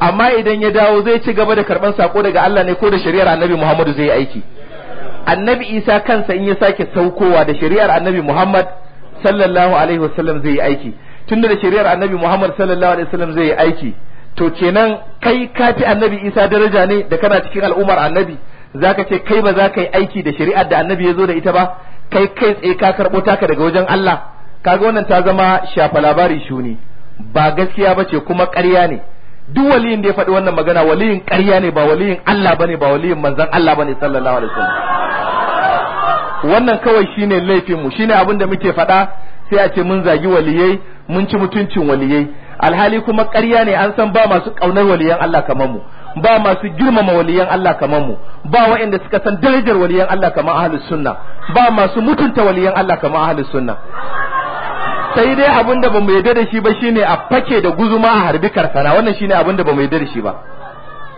amma idan ya dawo zai ci gaba da karban sako daga Allah ne ko da shari'ar annabi Muhammadu zai yi aiki annabi Isa kansa in ya sake saukowa da shari'ar annabi Muhammad sallallahu alaihi wasallam zai yi aiki tunda da shari'ar annabi Muhammad sallallahu alaihi wasallam zai yi aiki to kenan kai ka fi annabi Isa daraja ne da kana cikin al'ummar annabi zaka ce kai ba za ka yi aiki da shari'ar da annabi ya zo da ita ba kai kai tsaye ka karɓo taka daga wajen Allah Ka ga wannan ta zama shafa labari shuni ba gaskiya ba ce kuma ƙarya ne duk waliyin da ya faɗi wannan magana waliyin ƙarya ne ba waliyin Allah ba ne ba waliyin manzon Allah bane sallallahu alaihi wasallam wannan kawai shine laifin mu shine abin da muke faɗa sai a ce mun zagi waliyai mun ci mutuncin waliyai alhali kuma ƙarya ne an san ba masu ƙaunar waliyan Allah kamar mu ba masu girmama waliyan Allah kamar mu ba waɗanda suka san darajar waliyan Allah kamar ahlus sunna ba masu mutunta waliyan Allah kamar ahlus sunna sai dai abin da bamu yarda da shi ba shine a fake da guzuma a harbi karsana wannan shine abin da bamu yarda da shi ba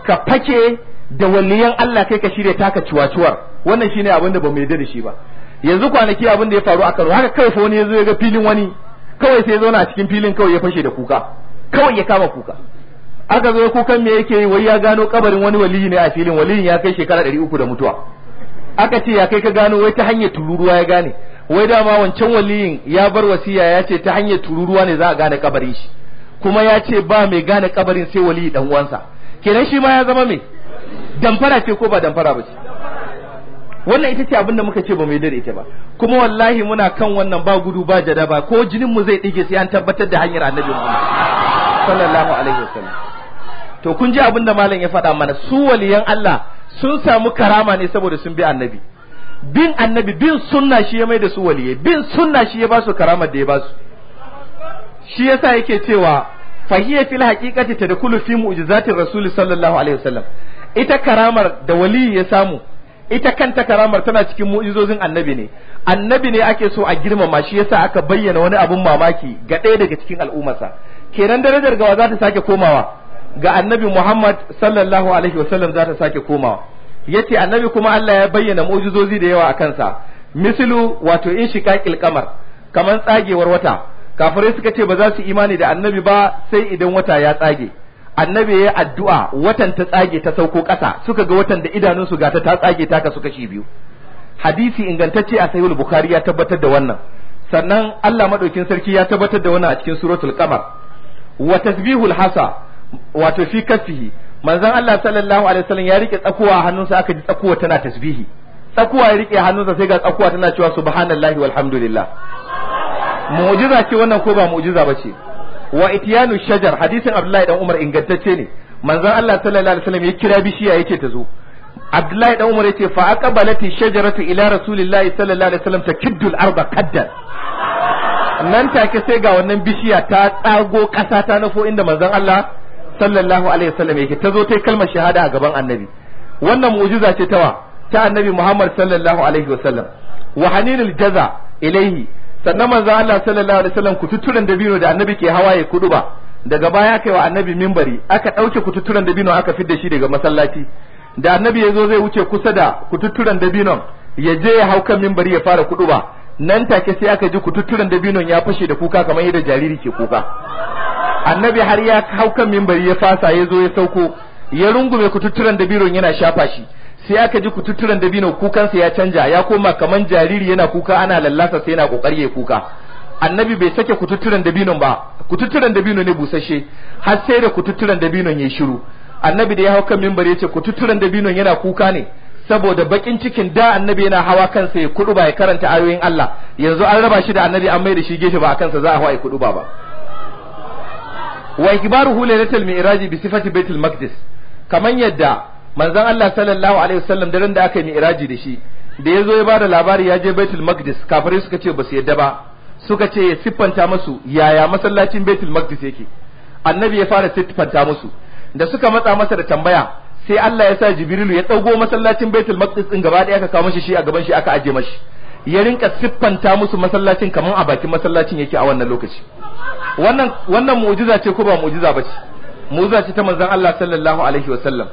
ka fake da walliyan Allah kai ka shirya taka ciwaciwar wannan shine abin da ba mu yarda da shi ba yanzu kwanaki abin da ya faru a Kano haka kai fa wani yazo ya ga filin wani kawai sai ya zauna a cikin filin kawai ya fashe da kuka kawai ya kama kuka aka zo kukan me yake yi wai ya gano kabarin wani waliyi ne a filin waliyin ya kai shekara 300 da mutuwa aka ce ya kai ka gano wai ta hanyar tururuwa ya gane wai dama wancan waliyin ya bar wasiya ya ce ta hanyar tururuwa ne za a gane kabarin shi kuma ya ce ba mai gane kabarin sai waliyi dan uwansa kenan shi ma ya zama mai damfara ce ko ba damfara ba ce wannan ita ce abinda muka ce ba mai dare ita ba kuma wallahi muna kan wannan ba gudu ba jada ba ko jinin mu zai dige sai an tabbatar da hanyar annabi sallallahu alaihi wasallam to kun ji abinda malam ya faɗa mana su waliyan Allah sun samu karama ne saboda sun bi annabi bin annabi bin sunna shi ya mai da su waliye bin sunna shi ya ba su karamar da ya ba su shi yasa yake cewa fahiya haqiqati tadkhulu fi mu'jizatir rasul sallallahu alaihi wasallam ita karamar da wali ya samu ita kanta karamar tana cikin mu'izozin annabi ne annabi ne ake so a girmama shi yasa aka bayyana wani abun mamaki ga ɗaya daga cikin al'ummarsa kenan darajar gawa za ta sake komawa ga annabi Muhammad sallallahu alaihi wasallam za ta sake komawa yace annabi kuma Allah ya bayyana mujizoji da yawa a kansa mislu wato in shika kamar kaman tsagewar wata kafirai suka ce ba za su imani da annabi ba sai idan wata ya tsage annabi yi addu'a watan ta tsage ta sauko ƙasa suka ga watan da idanunsu gata ta tsage ta kasu kashi biyu hadisi ingantacce a sahihul bukhari ya tabbatar da wannan sannan Allah madaukin sarki ya tabbatar da wannan a cikin suratul qamar wa tasbihul hasa wato fi manzon Allah sallallahu alaihi wasallam ya rike tsakuwa hannunsa aka ji tsakuwa tana tasbihi tsakuwa ya rike hannunsa sai ga tsakuwa tana cewa subhanallahi walhamdulillah mu'jiza ce wannan ko ba mu'jiza ce. wa itiyanu shajar hadisin abdullahi dan umar ingantacce ne manzon Allah sallallahu alaihi wasallam ya kira bishiya yace ta zo abdullahi dan umar yace fa aqbalati shajaratu ila rasulillahi sallallahu alaihi wasallam takiddul arba kaddan nan take sai ga wannan bishiya ta tsago kasa ta nufo inda manzon Allah sallallahu alaihi wasallam yake ta zo ta kalmar shahada a gaban annabi wannan mu'jiza ce wa ta annabi Muhammad sallallahu alaihi wasallam wa hanilul jaza ilaihi sannan manzo Allah sallallahu alaihi wasallam kututturen dabino da annabi ke hawa hawaye ba daga baya kai wa annabi minbari aka dauke kututturen dabino aka fidda shi daga masallaci da annabi yazo zai wuce kusa da kututturen dabinon ya je ya hau kan minbari ya fara ba. nan take sai aka ji kututturen dabinon ya fashe da kuka kamar yadda jariri ke kuka annabi har ya hauka kan minbari ya fasa yazo ya sauko ya rungume kututturen dabino yana shafa shi sai aka ji kututturen dabino kukansa ya canja ya koma kaman jariri yana kuka ana lallasa sai yana kokari ya kuka annabi bai sake kututturen dabinon ba kututturen dabino ne busasshe har sai da kututturen dabinon ya shiru annabi da ya hau kan mimbar ya ce kututturen dabinon yana kuka ne saboda bakin cikin da annabi yana hawa kansa ya kudu ba ya karanta ayoyin Allah yanzu an raba shi da annabi an mai da shi gefe ba a kansa za a hawa ya kudu ba ba wa ikbaruhu lailatul mi'raji bi sifati baitul maqdis kaman yadda manzon Allah sallallahu alaihi wasallam daren da aka yi mi'raji da shi da yazo ya bada labari ya je Baitul Maqdis kafirai suka ce ba su yadda ba suka ce ya siffanta musu yaya masallacin Baitul Maqdis yake annabi ya fara siffanta musu da suka matsa masa da tambaya sai Allah ya sa Jibrilu ya dago masallacin Baitul Maqdis din gaba daya aka kawo mishi shi a gaban shi aka aje mashi ya rinka siffanta musu masallacin kamar a bakin masallacin yake a wannan lokaci wannan wannan mu'jiza ce ko ba mu'jiza bace mu'jiza ce ta manzon Allah sallallahu alaihi wasallam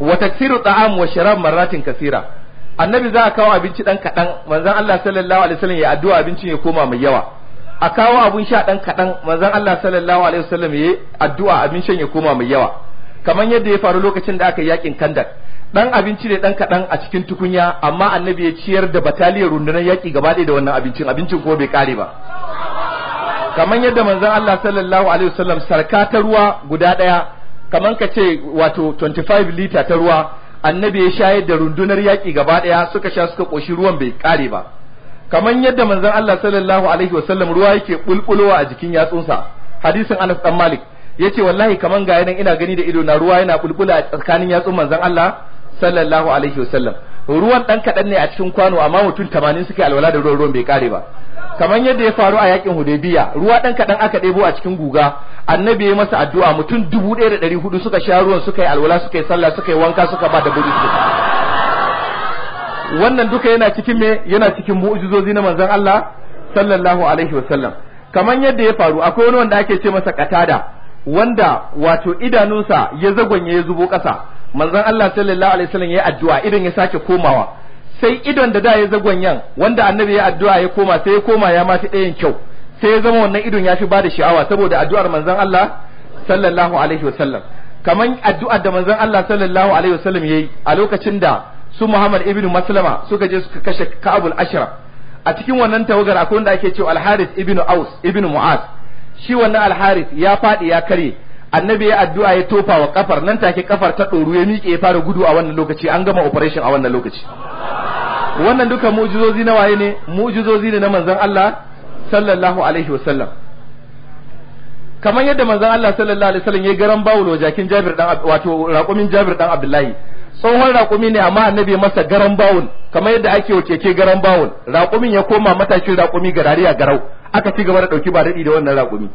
wa taksiru ta'am wa shirab maratin kasira annabi za a kawo abinci dan kadan manzon Allah sallallahu alaihi wasallam ya addu'a abincin ya koma mai yawa a kawo abun sha dan kadan manzon Allah sallallahu alaihi wasallam ya addu'a abincin ya koma mai yawa kamar yadda ya faru lokacin da aka yi yakin kandak dan abinci ne dan kadan a cikin tukunya amma annabi ya ciyar da bataliyar rundunar yaki gaba da wannan abincin abincin ko bai kare ba kamar yadda manzon Allah sallallahu alaihi wasallam sarka ta ruwa guda daya kaman ka ce wato 25 lita ta ruwa annabi ya shayar da rundunar yaƙi gaba ɗaya suka sha suka ƙoshi ruwan bai kare ba kaman yadda manzon Allah sallallahu alaihi wasallam ruwa yake bulbulowa a jikin yatsunsa hadisin Anas dan Malik yace wallahi kaman ga yanan ina gani da ido na ruwa yana bulbula a tsakanin yatsun manzon Allah sallallahu alaihi wasallam ruwan dan kadan ne a cikin kwano amma mutum 80 suke alwala da ruwan ruwan bai kare ba kamar yadda ya faru a yakin Hudaybiya ruwa dan kaɗan aka debo a cikin guga annabi ya masa addu'a mutum 1400 suka sha ruwan suka yi alwala suka yi sallah suka yi wanka suka ba da gudu wannan duka yana cikin me yana cikin mu'jizozi na manzon Allah sallallahu alaihi wasallam kamar yadda ya faru akwai wani wanda ake ce masa katada wanda wato idanunsa ya zagonye ya zubo ƙasa manzon Allah sallallahu alaihi wasallam ya addu'a idan ya sake komawa sai idon da da ya yan wanda annabi ya addu'a ya koma sai ya koma ya mafi ɗayan kyau sai ya zama wannan idon ya fi bada sha'awa saboda addu'ar manzon Allah sallallahu alaihi wasallam kaman addu'ar da manzon Allah sallallahu alaihi wasallam yayi a lokacin da su Muhammad ibn Maslama suka je suka kashe Ka'abul Ashraf a cikin wannan tawagar akwai wanda ake cewa Al-Harith ibn Aus ibn Mu'az shi wannan Al-Harith ya faɗi ya karye. annabi ya addu'a ya tofa wa kafar nan take kafar ta ɗoru ya miƙe ya fara gudu a wannan lokaci an gama operation a wannan lokaci wannan duka mu'jizozi na waye ne mu'jizozi ne na manzon Allah sallallahu alaihi wasallam kamar yadda manzon Allah sallallahu alaihi wasallam ya garan bawulo jakin Jabir dan wato raƙumin Jabir dan Abdullahi tsohon raƙumi ne amma annabi masa garan bawul kamar yadda ake wa ke garan bawul raƙumin ya koma matakin raƙumi garari garau aka ci gaba da dauki ba daɗi da wannan raƙumi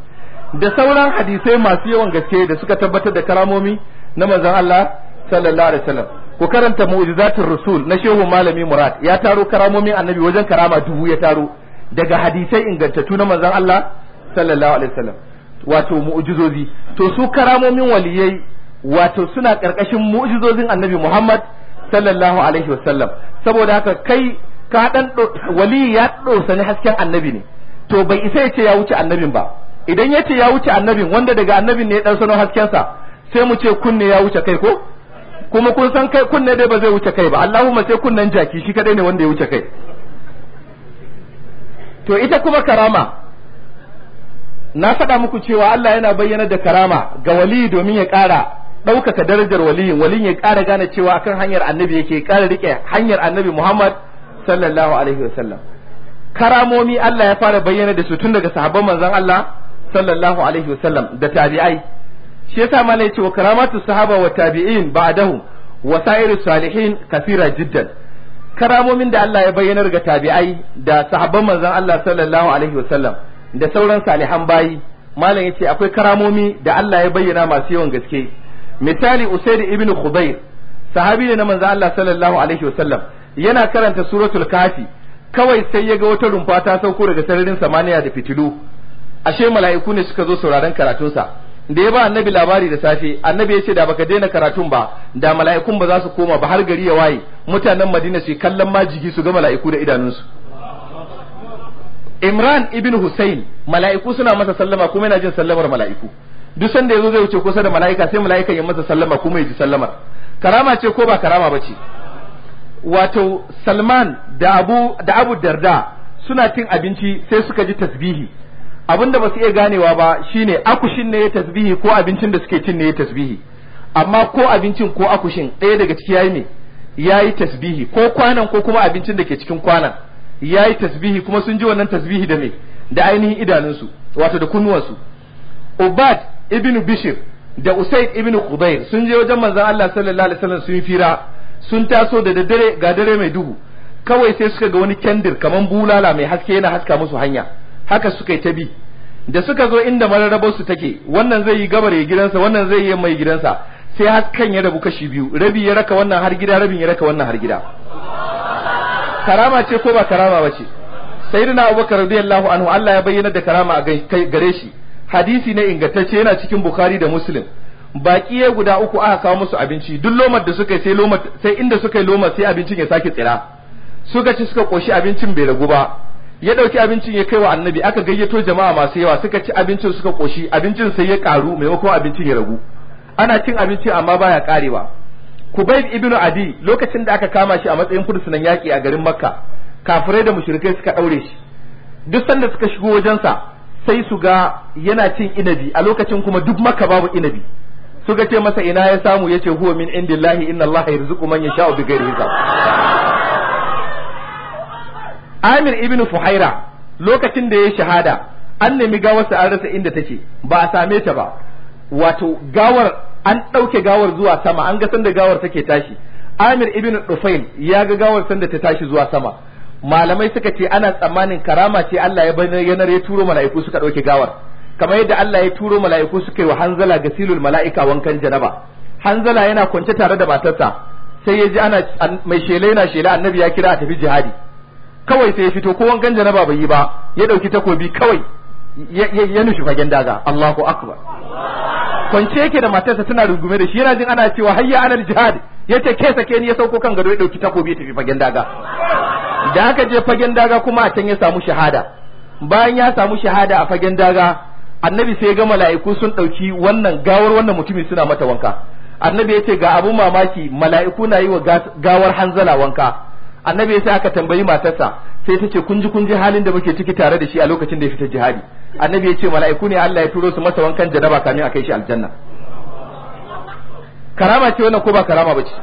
da sauran hadisai masu yawan gaske da suka tabbatar da karamomi na manzon Allah sallallahu alaihi wasallam ku karanta mu'jizatul rasul na shehu malami murad ya taro karamomin annabi wajen karama dubu ya taro daga hadisai ingantattu na manzon Allah sallallahu alaihi wasallam wato mu'jizozi to su karamomin waliyai wato suna karkashin mu'jizozin annabi Muhammad sallallahu alaihi wasallam saboda haka kai ka dan wali ya dosa ne hasken annabi ne to bai isa ya ce ya wuce annabin ba idan yace ya wuce annabin wanda daga annabin ne dan sanar hasken sa sai mu ce kunne ya wuce kai ko kuma kun san kai kunne dai ba zai wuce kai ba Allahumma sai kunnen jaki shi kadai ne wanda ya wuce kai to ita kuma karama na faɗa muku cewa Allah yana bayyana da karama ga wali domin ya ƙara ɗaukaka darajar waliyin walin ya ƙara gane cewa akan hanyar annabi yake ƙara riƙe hanyar annabi Muhammad sallallahu alaihi wasallam karamomi Allah ya fara bayyana da su tun daga sahabban manzon Allah sallallahu alaihi wasallam da tabi'ai shi yasa mala yace wa karamatu sahaba wa tabi'in ba'dahum wa sa'iru salihin kafira jiddan karamomin da Allah ya bayyanar ga tabi'ai da sahabban manzon Allah sallallahu alaihi wasallam da sauran salihan bayi malam yace akwai karamomi da Allah ya bayyana masu yawan gaske misali usaid ibn khubayr sahabi ne na manzon Allah sallallahu alaihi wasallam yana karanta suratul kafi kawai sai ya ga wata rumfa ta sauko daga sararin samaniya da fitilu ashe mala'iku ne suka zo sauraron sa da ya ba annabi labari da safe annabi ya ce da baka daina karatun ba da mala'ikun ba za su koma ba har gari ya waye mutanen madina su kallon majigi su ga mala'iku da idanunsu imran ibn husayn mala'iku suna masa sallama kuma yana jin sallamar mala'iku duk sanda ya zo zai wuce kusa da mala'ika sai mala'ikan ya masa sallama kuma ya ji sallamar karama ce ko ba karama ba ce wato salman da abu da abu darda suna cin abinci sai suka ji tasbihi da ba su iya ganewa ba shine akushin ne ya tasbihi ko abincin da suke cin ne ya tasbihi amma ko abincin ko akushin ɗaya daga ciki yayi ne yayi tasbihi ko kwanan ko kuma abincin da ke cikin kwanan yayi tasbihi kuma sun ji wannan tasbihi da me da ainihin idanunsu wato da kunnuwansu Ubad ibn Bishir da Usaid ibn kubair sun je wajen manzon Allah sallallahu alaihi wasallam sun fira sun taso da daddare ga dare mai duhu kawai sai suka ga wani kyandir kamar bulala mai haske yana haska musu hanya haka suka yi ta bi da suka zo inda mararrabar su take wannan zai yi gabar ya gidansa wannan zai yi mai gidansa sai hakan ya rabu kashi biyu rabi ya raka wannan har gida rabin ya raka wannan har gida karama ce ko ba karama ba ce sayyidina abubakar radiyallahu anhu Allah ya bayyana da karama a gare shi hadisi na ingantacce yana cikin bukhari da muslim baki ya guda uku aka kawo musu abinci duk lomar da suka sai lomar sai inda suka yi lomar sai abincin ya sake tsira suka ci suka koshi abincin bai ragu ba ya ɗauki abincin ya kai wa annabi aka gayyato jama'a masu yawa suka ci abincin suka koshi abincin sai ya karu maimakon abincin ya ragu ana cin abinci amma baya karewa Kubayb ibnu Adi lokacin da aka kama shi a matsayin fursunan yaki a garin Makka kafirai da mushrikai suka ɗaure shi duk sanda suka shigo wajensa sai su ga yana cin inabi a lokacin kuma duk Makka babu inabi suka ce masa ina ya samu yace huwa min indillahi inna Allah yarzuqu man yasha'u bighairi hisab Amir ibn Fuhaira lokacin da ya shahada an nemi gawarsa an rasa inda take ba a same ta ba wato gawar an ɗauke gawar zuwa sama an ga sanda gawar take tashi Amir ibn Dufail ya ga gawar sanda ta tashi zuwa sama malamai suka ce ana tsammanin karama ce Allah ya yanar ya turo mala'iku suka ɗauke gawar kamar yadda Allah ya turo mala'iku suka yi wa Hanzala gasilul mala'ika wankan janaba Hanzala yana kwance tare da matarsa sai ya ji ana mai shela yana shela annabi ya kira a tafi jihadi kawai sai ya fito ko wankan janaba bai yi ba ya dauki takobi kawai ya nushi fagen daga Allahu akbar kwance yake da matarsa tana rungume da shi yana jin ana cewa hayya ana jihad yace ke sake ni ya sauko kan gado ya dauki takobi ya tafi fagen daga da aka je fagen daga kuma a can ya samu shahada bayan ya samu shahada a fagen daga annabi sai ya ga mala'iku sun dauki wannan gawar wannan mutumin suna mata wanka annabi ya ce ga abun mamaki mala'iku na yi wa gawar hanzala wanka annabi ya sai aka tambayi matarsa sai ta ce kun ji kun ji halin da muke ciki tare da shi a lokacin da ya fita jihadi annabi ya ce mala'iku ne Allah ya turo su masa wankan janaba kamin a kai shi aljanna karama ce wannan ko ba karama bace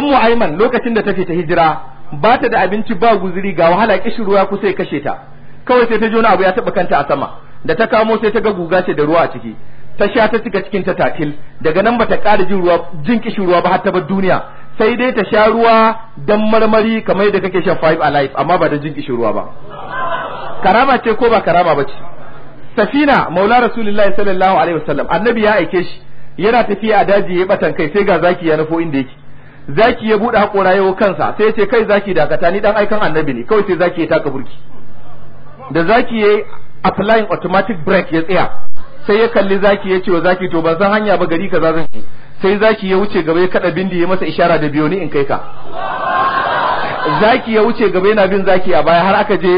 ummu ayman lokacin da ta ta hijira ba ta da abinci ba guzuri ga wahala kishin ruwa kusa ya kashe ta kawai sai ta ji wani abu ya taba kanta a sama da ta kamo sai ta ga guga ce da ruwa a ciki ta sha ta cika cikin ta tatil daga nan bata ƙara jin ruwa jin kishin ruwa ba har ta bar duniya sai dai ta sha ruwa dan marmari kamar yadda kake shan five alive amma ba da jin ruwa ba karama ce ko ba karama ba ce safina maula rasulullahi sallallahu alaihi wasallam annabi ya aike shi yana tafiya a daji ya batan kai sai ga zaki ya nufo inda yake zaki ya bude hakora yawo kansa sai ya ce kai zaki dakata ni dan aikan annabi ne kawai sai zaki ya taka burki da zaki yayi applying automatic brake ya tsaya sai ya kalli zaki ya ce wa zaki to ban san hanya ba gari kaza zan yi sai zaki ya wuce gaba ya kada bindi ya masa ishara da biyo ni in kai ka zaki ya wuce gaba yana bin zaki a baya har aka je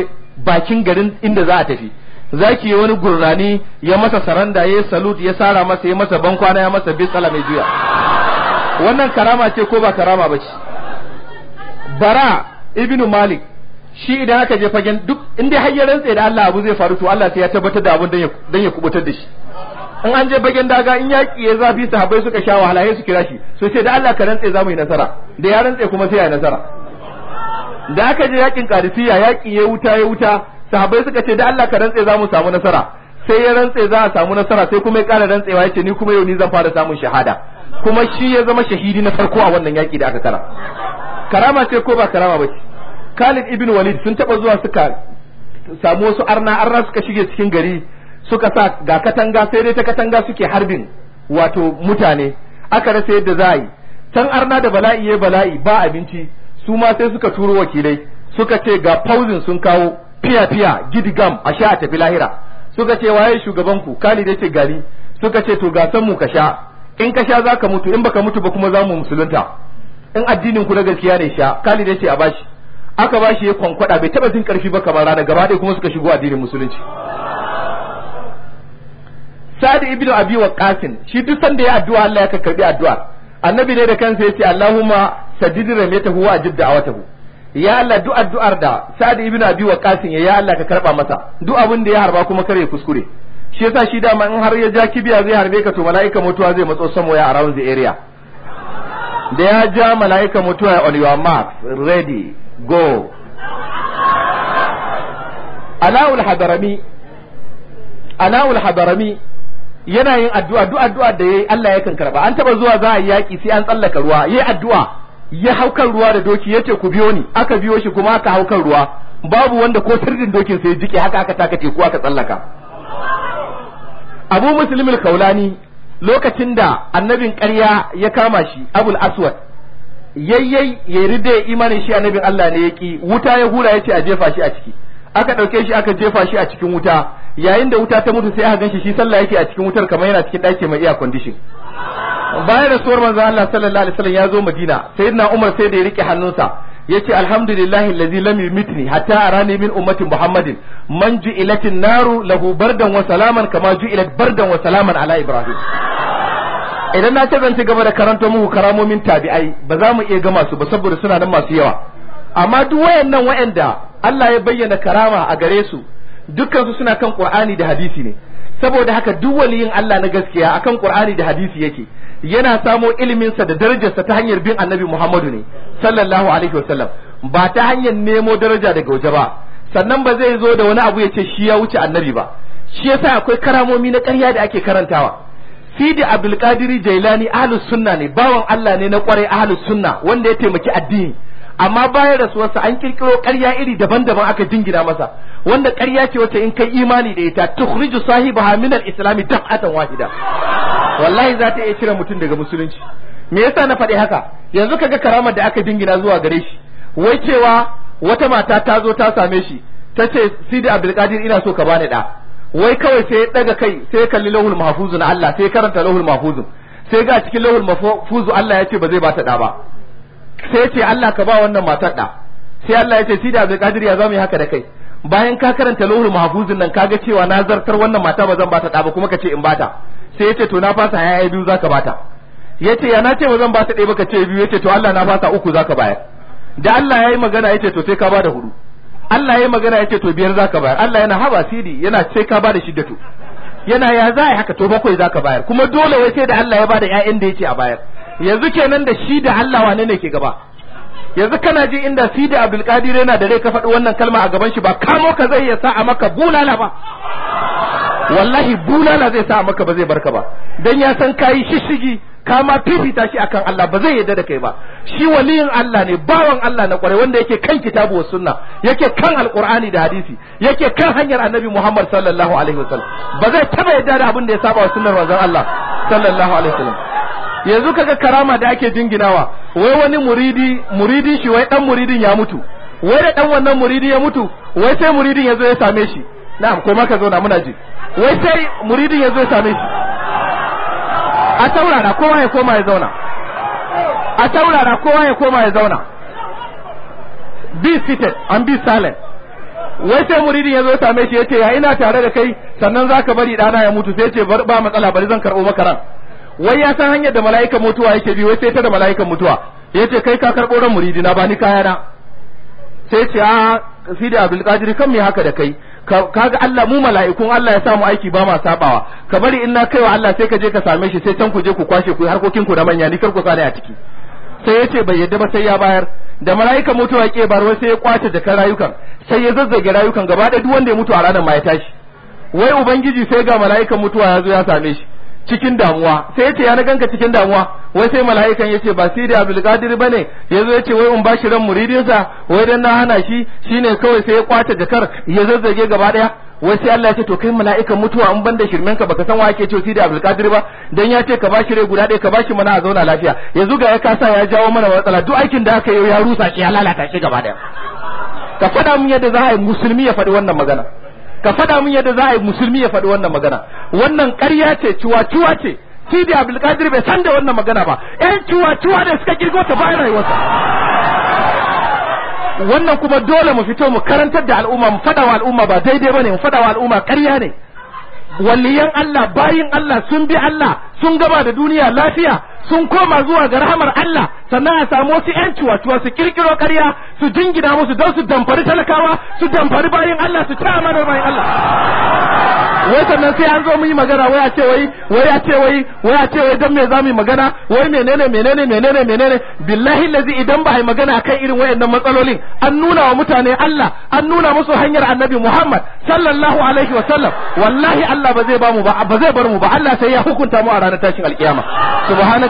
bakin garin inda za a tafi zaki ya wani gurrani ya masa saranda ya salut ya sara masa ya masa kwana ya masa sala mai juya wannan karama ce ko ba karama ba ce bara ibnu malik shi idan aka je fagen duk inda har ya da Allah abu zai faru to Allah sai ya tabbatar da abun dan ya kubutar da shi in an je bagen daga in yaki ya zafi sahabbai suka sha wahala sai su kira shi so sai da Allah ka rantse za mu yi nasara da ya rantse kuma sai ya nasara da aka je yakin kadisiya yaki ya wuta ya wuta sahabbai suka ce da Allah ka rantse za mu samu nasara sai ya rantse za a samu nasara sai kuma ya kara rantsewa ya ce ni kuma yau ni zan fara samun shahada kuma shi ya zama shahidi na farko a wannan yaki da aka kara karama ce ko ba karama ba Khalid ibn Walid sun taba zuwa suka samu wasu arna arna suka shige cikin gari suka sa ga katanga sai dai ta katanga suke harbin wato mutane aka rasa yadda za a yi can arna da bala'i ya bala'i ba abinci su ma sai suka turo wakilai suka ce ga fauzin sun kawo fiya fiya gidigam a sha a tafi lahira suka ce waye shugaban ku kali da ce gari suka ce to ga san mu ka sha in ka sha za ka mutu in baka mutu ba kuma za mu musulunta in addinin ku na gaskiya ne sha kali da ce a bashi aka bashi ya kwankwada bai taba jin karfi ba kamar rana gaba ɗaya kuma suka shigo addinin musulunci Sa'ad ibnu Abi Waqqas shi duk sanda ya addu'a Allah ya karbi addu'a annabi ne da kansa yace Allahumma saddid ramyatahu wa ajib da'awatahu ya Allah duk addu'ar da Sa'ad ibnu Abi Waqqas ya ya Allah ka karba masa duk abin da ya harba kuma kare kuskure shi yasa shi dama in har ya ja kibiya zai harbe ka to mala'ika mutuwa zai matso samo ya around the area da ya ja mala'ika mutuwa on your mark ready go ala'ul hadarami ala'ul hadarami yana yin addu'a duk addu'a da yayi Allah yakan karba an taba zuwa za a yaki sai an tsallaka ruwa yayi addu'a ya haukan ruwa da doki yace ku biyo ni aka biyo shi kuma aka haukan ruwa babu wanda ko sirrin dokin sai jike haka aka taka teku aka tsallaka Abu Muslim al-Kaulani lokacin da annabin ƙarya ya kama shi Abul Aswad yayyai ya ride imanin shi annabin Allah ne yaki wuta ya hura yace a jefa shi a ciki aka dauke shi aka jefa shi a cikin wuta yayin da wuta ta mutu sai aka ganshi shi sallah yake a cikin wutar kamar yana cikin daki mai iya condition bayan rasuwar manzo Allah sallallahu alaihi wasallam ya zo Madina sayyidina Umar sai da ya rike hannunsa yace alhamdulillahi allazi lam yumitni hatta arani min ummati muhammadin man ju'ilatin naru lahu bardan wa salaman kama ju'ilat bardan wa salaman ala ibrahim idan na ce zan ci gaba da karanto muku karamomin tabi'ai ba za mu iya gama su ba saboda suna nan masu yawa amma duk wayannan wayanda Allah ya bayyana karama a gare su Dukkansu suna kan qur'ani da hadisi ne saboda haka duk waliyin Allah na gaskiya akan qur'ani da hadisi yake yana samo ilimin sa da darajarsa ta hanyar bin annabi Muhammadu ne sallallahu alaihi wasallam ba ta hanyar nemo daraja daga waje ba sannan ba zai zo da wani abu ya ce shi ya wuce annabi ba shi yasa akwai karamomi na ƙarya da ake karantawa Sidi Abdulkadiri Jailani ahlus sunna ne bawan Allah ne na kwarai ahlus sunna wanda ya taimaki addini amma bayan rasuwarsa an kirkiro ƙarya iri daban-daban aka dingina masa wanda ƙarya ce wacce in kai imani da ita tukhriju sahibaha min al-islam daf'atan wahida wallahi za ta iya cire mutum daga musulunci me yasa na faɗi haka yanzu kaga karamar da aka dingina zuwa gare shi wai cewa wata mata ta zo ta same shi ta ce sidi abdulkadir ina so ka bani da wai kawai sai ya daga kai sai ya kalli lahul mahfuzun Allah sai karanta lahul mahfuzun sai ga cikin lahul mahfuzun Allah ya ce ba zai bata da ba sai ce Allah ka ba wannan matar da sai Allah ya ce shi da Abdulkadir ya zama yi haka da kai bayan ka karanta lauhul mahfuzin nan kaga cewa na zartar wannan mata ba zan bata da ba kuma ka ce in bata sai ya ce to na fasa yaya biyu zaka bata yace ya na ce ba zan bata ɗaya ba ka biyu biyu ce to Allah na fasa uku zaka bayar da Allah yayi magana ya ce to sai ka bada hudu Allah yayi magana ya ce to biyar zaka bayar Allah yana haba sidi yana sai ka bada shiddatu yana ya za haka to bakwai zaka bayar kuma dole wai sai da Allah ya bada ƴaƴan da ce a bayar yanzu kenan da shi da Allah wane ne ke gaba yanzu kana ji inda da Abdul Qadir yana da rai ka faɗi wannan kalma a gaban shi ba kamo ka zai ya sa a maka bulala ba wallahi bulala zai sa a maka ba zai barka ba dan ya san kai shishigi ka ma fifita shi akan Allah ba zai yarda da kai ba shi waliyin Allah ne bawan Allah na kwarai wanda yake kan kitabu wa sunna yake kan alqur'ani da hadisi yake kan hanyar annabi Muhammad sallallahu alaihi wasallam ba zai taba yarda da abin da ya saba wa sunnar manzon Allah sallallahu alaihi wasallam yanzu kaga karama da ake jinginawa wai wani muridi muridin shi wai dan muridin ya mutu wai da dan wannan muridi ya mutu wai sai muridin yazo ya same shi na'am ko maka zo na muna ji wai sai muridin yazo ya same shi a taurara kowa ya koma ya zauna a taurara kowa ya koma ya zauna be seated and be silent wai sai muridin ya zo same shi yace ya ina tare da kai sannan zaka bari dana ya mutu sai ce bar ba matsala bari zan karbo maka ran wai ya san hanyar da mala'ika mutuwa yake bi wai sai ta da mala'ikan mutuwa ya ce kai ka karbo ran muridina ba ni kaya na sai ce a sidi abdul qadir kan me haka da kai kaga Allah mu mala'ikun Allah ya sa mu aiki ba ma sabawa ka bari in na kaiwa Allah sai ka je ka same shi sai can ku je ku kwashe ku harkokin ku da manya ni kar ku sani a ciki sai yace bai yadda ba sai ya bayar da mala'ikan mutuwa ke wai sai ya kwace kan rayukan sai ya zazzage rayukan gaba da duk wanda ya mutu a ranar ma ya tashi wai ubangiji sai ga mala'ikan mutuwa ya zo ya same shi cikin damuwa sai yace ya na ganka cikin damuwa wai sai mala'ikan ce ba sidi ba ne bane yazo yace wai in bashi ran muridinsa wai dan na hana shi shine kawai sai ya kwace jakar ya zazzage gaba daya wai sai Allah ya ce to kai mala'ikan mutuwa in banda shirmen ka baka san wa yake cewa sidi abdul qadir ba dan ya ce ka bashi rai guda ɗaya ka bashi mana a zauna lafiya yanzu ga ya kasa ya jawo mana matsala duk aikin da aka yi ya rusa shi ya lalata shi gaba daya ka faɗa min yadda za a yi musulmi ya faɗi wannan magana ka faɗa min yadda za a yi musulmi ya faɗi wannan magana wannan ƙarya ce ciwa-ciwa ce Sidi Abdulkadir bai san da wannan magana ba ƴan ciwa-ciwa ne suka kirgo ta bayan rayuwarsa wannan kuma dole mu fito mu karantar da al'umma mu faɗa wa al'umma ba daidai ne mu faɗa wa al'umma ƙarya ne waliyan Allah bayin Allah sun bi Allah sun gaba da duniya lafiya sun koma zuwa ga rahamar Allah sannan a samu wasu ƴan ciwatuwa su kirkiro ƙarya su dingina musu don su damfari talakawa su damfari bayan Allah su ta mana bayan Allah wai sannan sai an zo mu yi magana wai a ce wai wai a ce wai wai a ce wai dan me zamu yi magana wai menene menene menene menene billahi lazi idan ba yi magana kan irin wayannan matsalolin an nuna wa mutane Allah an nuna musu hanyar Annabi Muhammad sallallahu alaihi wa sallam wallahi Allah ba zai ba mu ba ba zai bar mu ba Allah sai ya hukunta mu a ranar tashin alkiyama subhanaka